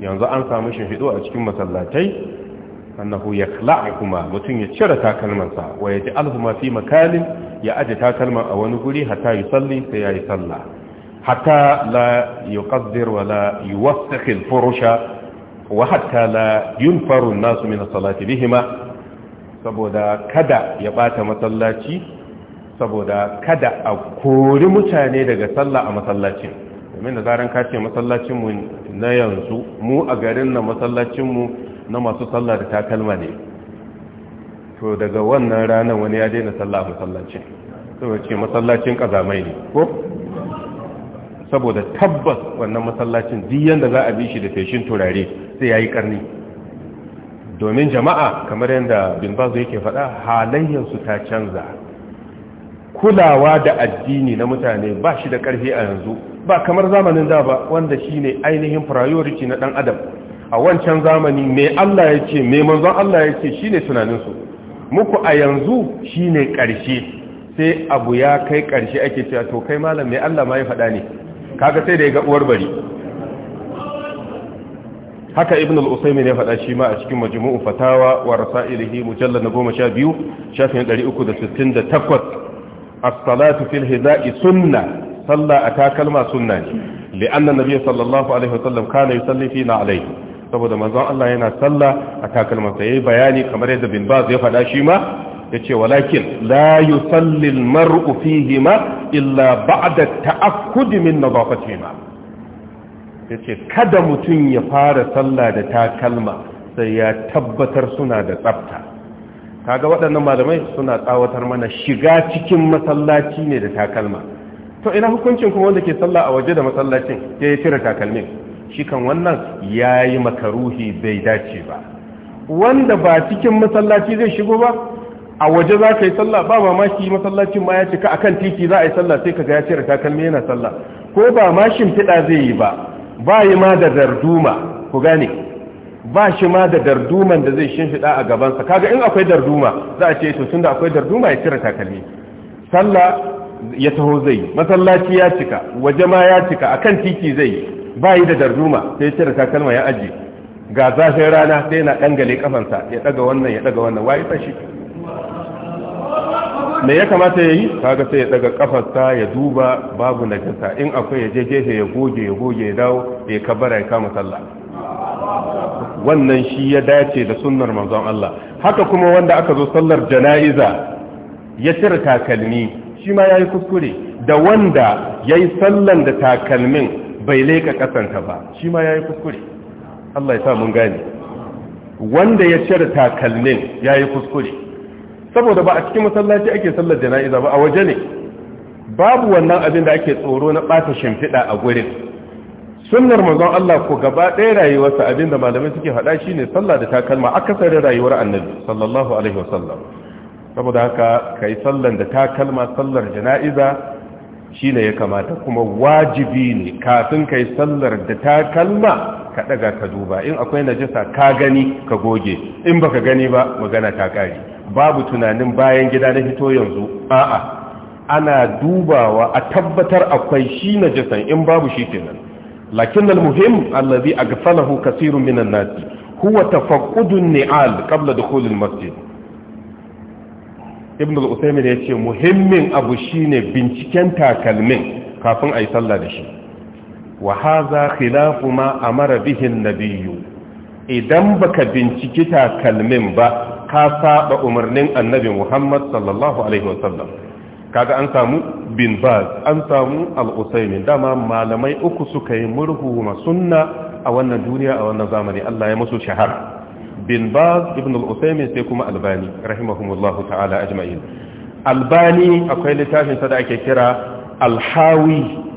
S1: yanzu an samu shimfido a cikin masallatai annahu kuma mutum ya cire takalmansa wa yaj'aluhuma fi makalin ya aje takalman a wani guri hatta salli sai yayi salla, hatta la yuqaddir wa la al-furusha wa hatta la yunfaru nasu min salati bihima saboda kada ya bata masallaci saboda kada a kori mutane daga sallah a masallacin domin da zaran ka ce masallacin mu na yanzu mu a garin nan masallacin mu na masu sallah da takalma ne to daga wannan ranar wani ya daina sallah a masallacin saboda ce masallacin kazamai ne ko saboda tabbas wannan masallacin duk yanda za a bi shi da feshin turare sai ya yi ƙarni domin jama'a kamar yadda bazu yake faɗa su ta canza kulawa da addini na mutane ba shi da ƙarfi a yanzu ba kamar zamanin da ba wanda shi ne ainihin priority na ɗan adam a wancan zamani mai Allah ya ce mai manzon Allah ya ce shi ne tunaninsu muku a yanzu shi ne ƙarshe sai abu ya kai ƙarshe ake cewa to kai malam mai Allah ma ya faɗa ne kaga sai da ya ga uwar bari haka ibn al-usaymin ya faɗa shi ma a cikin majmu'u fatawa wa rasailihi mujallad na 12 shafin 368 as-salatu fil hida'i sunna salla a kalma sunna ne li'anna nabiy sallallahu alaihi wasallam kana yusalli fina alaihi saboda manzon Allah yana salla a kalma sai bayani kamar yadda bin baz ya faɗa shi ma yace walakin la yusalli al-mar'u fihima illa ba'da ta'akkud min nadafatihi ya ce kada mutum ya fara sallah da takalma sai ya tabbatar suna da tsafta kaga waɗannan malamai suna tsawatar mana shiga cikin masallaci ne da takalma to ina hukuncin kuma wanda ke sallah a waje da masallacin ya yi cire takalmin shi kan wannan ya yi makaruhi bai dace ba wanda ba cikin masallaci zai shigo ba a waje za ka yi sallah ba mamaki masallacin ma ya cika akan titi za a yi sallah sai ka ga ya cire takalmi yana sallah ko ba mashin fiɗa zai yi ba ba yi ma da darduma ku gane ba shi ma da darduman da zai shimfiɗa a gabansa kaga in akwai darduma za a ce to tunda akwai darduma ya cire takalmi sallah ya taho zai masallaci ya cika waje ma ya cika akan titi zai ba yi da darduma sai ya cire takalma ya aje ga zafin rana sai yana dangale kafansa ya daga wannan ya daga wannan wayi fashi me ya kamata ya yi kaga sai ya daga kafarsa ya duba babu najasa in akwai ya jeje ya goge ya goge ya dawo ya kabara ya kama sallah wannan shi ya dace da sunnar manzon Allah haka kuma wanda aka zo sallar jana'iza ya cire takalmi shi ma yayi kuskure da wanda yayi sallan da takalmin bai leka kasanta ba shi ma yayi kuskure Allah ya sa mun gane wanda ya cire takalmin yayi kuskure saboda ba a cikin masallaci ake sallar jana'iza ba a waje ne babu wannan abin da ake tsoro na bata shimfiɗa a gurin sunnar manzon Allah ko gaba ɗaya rayuwarsa abin da malamai suke faɗa shine sallah da takalma akasarin rayuwar annabi sallallahu alaihi wasallam saboda haka kai sallar da takalma sallar jana'iza shi ne ya kamata kuma wajibi ne kafin kai sallar da takalma ka ɗaga ka duba in akwai najasa ka gani ka goge in baka gani ba magana ta kare babu tunanin bayan gida na fito yanzu a'a ana dubawa a tabbatar akwai shi najisan in babu shi kenan lakin almuhim allazi aghfalahu kaseerun minan nas huwa tafaqqudun ni'al qabla dukhul almasjid ibn al-usaymin yace muhimmin abu shine binciken takalmin kafin ayi sallah da shi wa hadha khilafu ma amara bihi an-nabiy idan baka binciki takalmin ba ka saba umarnin annabi Muhammad sallallahu alaihi wasallam kaga an samu bin baz an samu al dama malamai uku suka yi murhu ma sunna a wannan duniya a wannan zamani Allah ya musu shahara bin baz ibn al sai kuma albani rahimahumullahu ta'ala ajma'in albani akwai littafin sa da ake kira al-hawi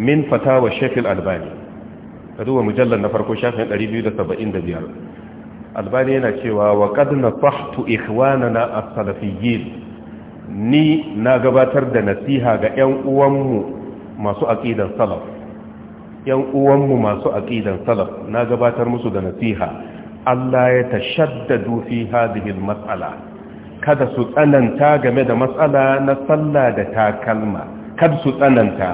S1: min fatawa shaykh al-albani kaduwa mujallal na farko shafin 275 albani yana cewa wa kadna fahtu ikhwanana as-salafiyyin ni na gabatar da nasiha ga ƴan uwanmu masu aqidan salaf ƴan uwanmu masu aqidan salaf na gabatar musu da nasiha Allah ya tashaddadu fi hadhihi al-mas'ala kada su tsananta game da masala na sallah da takalma kada su tsananta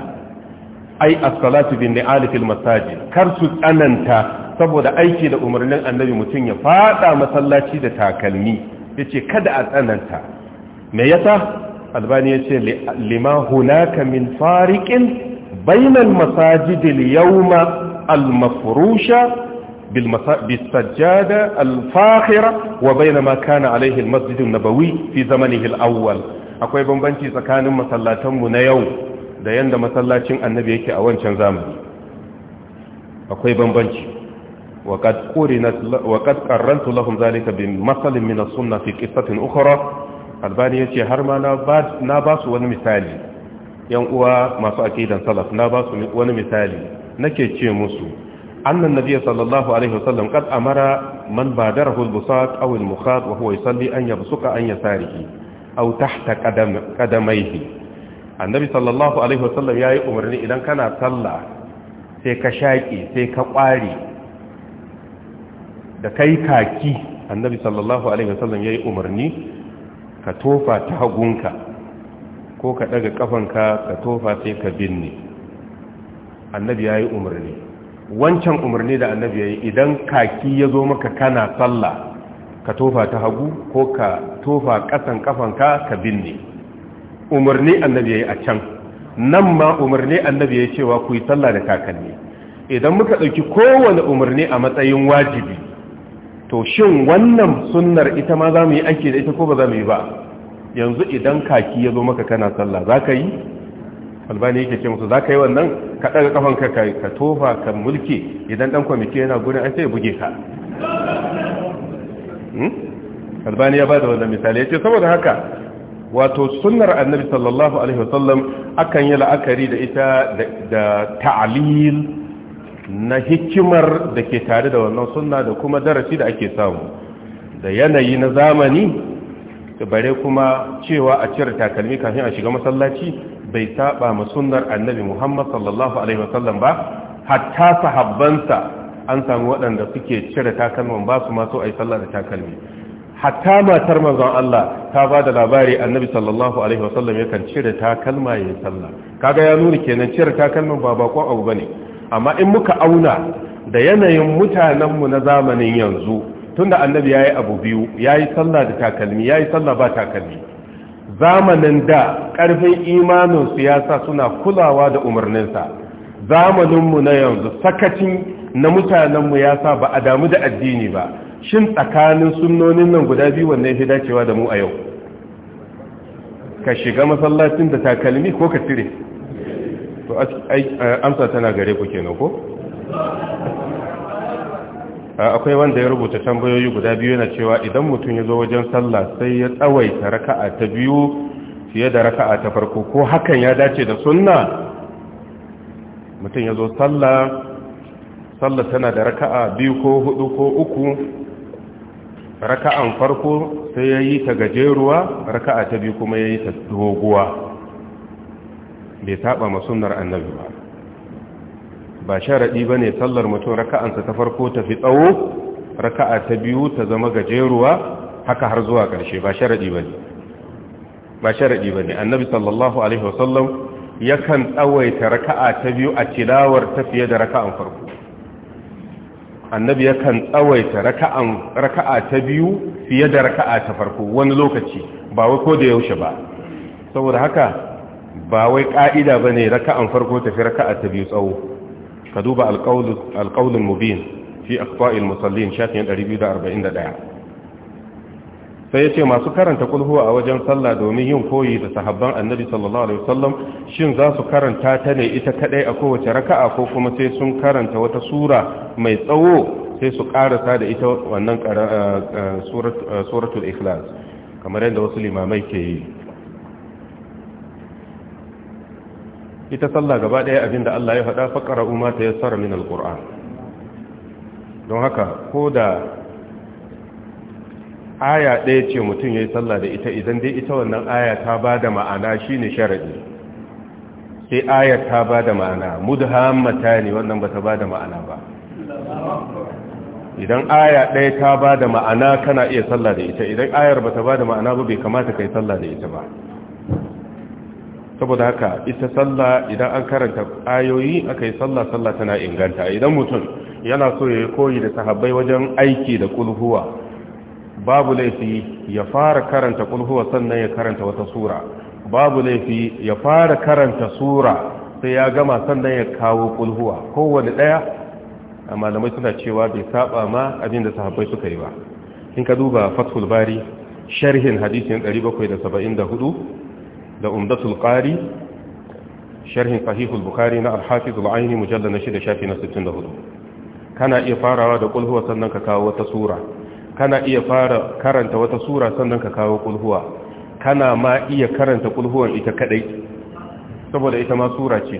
S1: ai as-salatu bi ni'al al masajid kar su tsananta saboda aiki da umarnin annabi mutum ya fada masallaci da takalmi yace kada a tsananta me yasa albani yace lima hunaka min fariqin bainan masajid al-yawma al-mafrusha wa baina ma kana alayhi al nabawi fi zamanihi awwal akwai bambanci tsakanin masallatanmu na yau da yadda masallacin annabi yake a wancan zamani akwai bambanci وقد قرنت وقد قرنت لهم ذلك بمثل من السنه في قصه اخرى albani ya ce har ma na ba su wani misali yan uwa masu akidan salaf na ba su wani misali nake ce musu annan nabiya sallallahu alaihi wasallam kad amara man badarahu al-busat aw al-mukhat wa huwa yusalli an yabsuka an yasarihi aw tahta qadam qadamayhi annabi sallallahu alaihi umarni idan kana sallah sai ka shaƙi sai ka ƙwari. da kai kaki annabi sallallahu alaihi wasallam yayi umarni ka tofa ta hagunka ko ka daga kafanka ka tofa sai ka binne annabi yayi umarni wancan umarni da annabi yayi idan kaki ya zo maka kana sallah ka tofa ta hagu ko ka tofa kasan kafanka ka binne umarni annabi yayi a can nan ma umarni annabi yayi cewa ku yi sallah da kakanni idan muka dauki kowane umarni a matsayin wajibi to shin wannan sunnar ita ma za mu yi aiki da ita ko ba za mu yi ba yanzu idan kaki ya zo maka kana sallah za ka yi albani yake ce musu za ka yi wannan ka ɗaga ƙafanka ka tofa ka mulki idan ɗan kwamiti yana guri an sai buge ka hmm? albani ya ba da wannan misali ya ce saboda haka wato sunnar annabi sallallahu alaihi wasallam akan yi la'akari da ita da ta'alil na hikimar da ke tare da wannan sunna da kuma darasi da ake samu da yanayi na zamani da bare kuma cewa a cire takalmi kafin a shiga masallaci bai saba ma sunnar annabi Muhammad sallallahu alaihi wasallam ba hatta sahabbansa an samu waɗanda suke cire takalman ba su ma so ai sallah da takalmi hatta matar manzon Allah ta ba da labari annabi sallallahu alaihi wasallam yakan cire takalma yayin sallah kaga ya nuna kenan cire takalman ba bakon abu bane amma in muka auna da yanayin mutanenmu na zamanin yanzu tunda annabi ya yi abu biyu ya yi sallah da takalmi ya yi sallah ba takalmi zamanin da ƙarfin imanin siyasa suna kulawa da umarninsa zamaninmu na yanzu sakacin na mutanenmu ya sa ba a damu da addini ba shin tsakanin sunnonin nan guda biyu wanne ya fi dacewa da mu a yau ka shiga masallacin da takalmi ko ka cire to amsa tana gare ku kenan ko akwai wanda ya rubuta tambayoyi guda biyu yana cewa idan mutum ya zo wajen sallah sai ya tsawaita raka'a ta biyu fiye da raka'a ta farko ko hakan ya dace da sunna mutum ya zo sallah sallah tana da raka'a biyu ko hudu ko uku raka'an farko sai ya yi ta gajeruwa raka'a ta biyu kuma ya yi ta doguwa bai saba ma sunnar annabi ba ba sharadi bane sallar mutum raka'ansa ta farko ta fi tsawo raka'a ta biyu ta zama gajeruwa haka har zuwa ƙarshe ba sharadi bane ba sharadi bane annabi sallallahu alaihi wasallam yakan tsawaita raka'a ta biyu a tilawar ta fiye da raka'an farko annabi yakan tsawaita raka'an raka'a ta biyu fiye da raka'a ta farko wani lokaci ba wai ko da yaushe ba saboda haka ba wai ƙa'ida ba ne raka'an farko tafi raka'a ta biyu tsawo ka duba alƙaunin mubin fi akwa'il musallin shafin 241 sai ya ce masu karanta kulhuwa a wajen sallah domin yin koyi da sahabban annabi sallallahu alaihi wasallam shin za su karanta ta ne ita kaɗai a kowace raka'a ko kuma sai sun karanta wata sura mai tsawo sai su karasa da ita wannan eh, eh, eh, suratul ikhlas kamar yadda wasu limamai ke yi ita sallah gaba ɗaya abinda Allah ya faɗa faƙara umar ta tsara min al’ur'an don haka ko da aya ɗaya ce mutum ya yi sallah da ita idan dai ita wannan aya ta ba da ma'ana shi ne sharaɗi sai aya ta ba da ma'ana mudhammata ne wannan ba ta ba da ma'ana ba idan aya ɗaya ta ba da ma'ana kana iya sallah da ita idan ayar ba ta ba da ma'ana ba bai kamata ka yi sallah da ita ba saboda haka ita sallah idan an karanta ayoyi aka yi sallah sallah tana inganta idan mutum yana so ya koyi da sahabbai wajen aiki da kulhuwa babu laifi ya fara karanta kulhuwa sannan ya karanta wata sura babu laifi ya fara karanta sura sai ya gama sannan ya kawo kulhuwa kowane daya malamai suna cewa bai saba ma abinda sahabbai suka yi ba in ka duba fathul bari sharhin hadisin 774 da umdatul qari sharhin sahihul bukhari na al-hafiz al-aini mujallad na shida shafi na 64 kana iya farawa da kulhuwa sannan ka kawo wata sura kana iya fara karanta wata sura sannan ka kawo kulhuwa kana ma iya karanta kulhuwan ita kadai saboda ita ma sura ce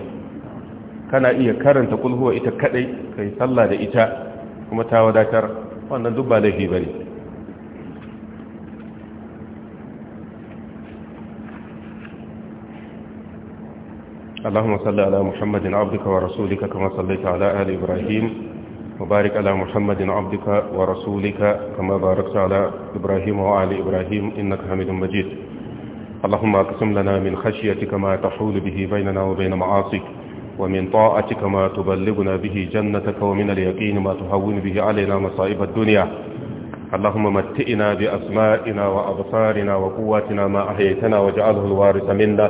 S1: kana iya karanta kulhuwa ita kadai kai sallah da ita kuma ta wadatar wannan duk ba laifi bane اللهم صل على محمد عبدك ورسولك كما صليت على آل إبراهيم وبارك على محمد عبدك ورسولك كما باركت على إبراهيم وعلى إبراهيم إنك حميد مجيد اللهم اقسم لنا من خشيتك ما تحول به بيننا وبين معاصيك ومن طاعتك ما تبلغنا به جنتك ومن اليقين ما تهون به علينا مصائب الدنيا اللهم متئنا بأسمائنا وأبصارنا وقواتنا ما أحييتنا واجعله الوارث منا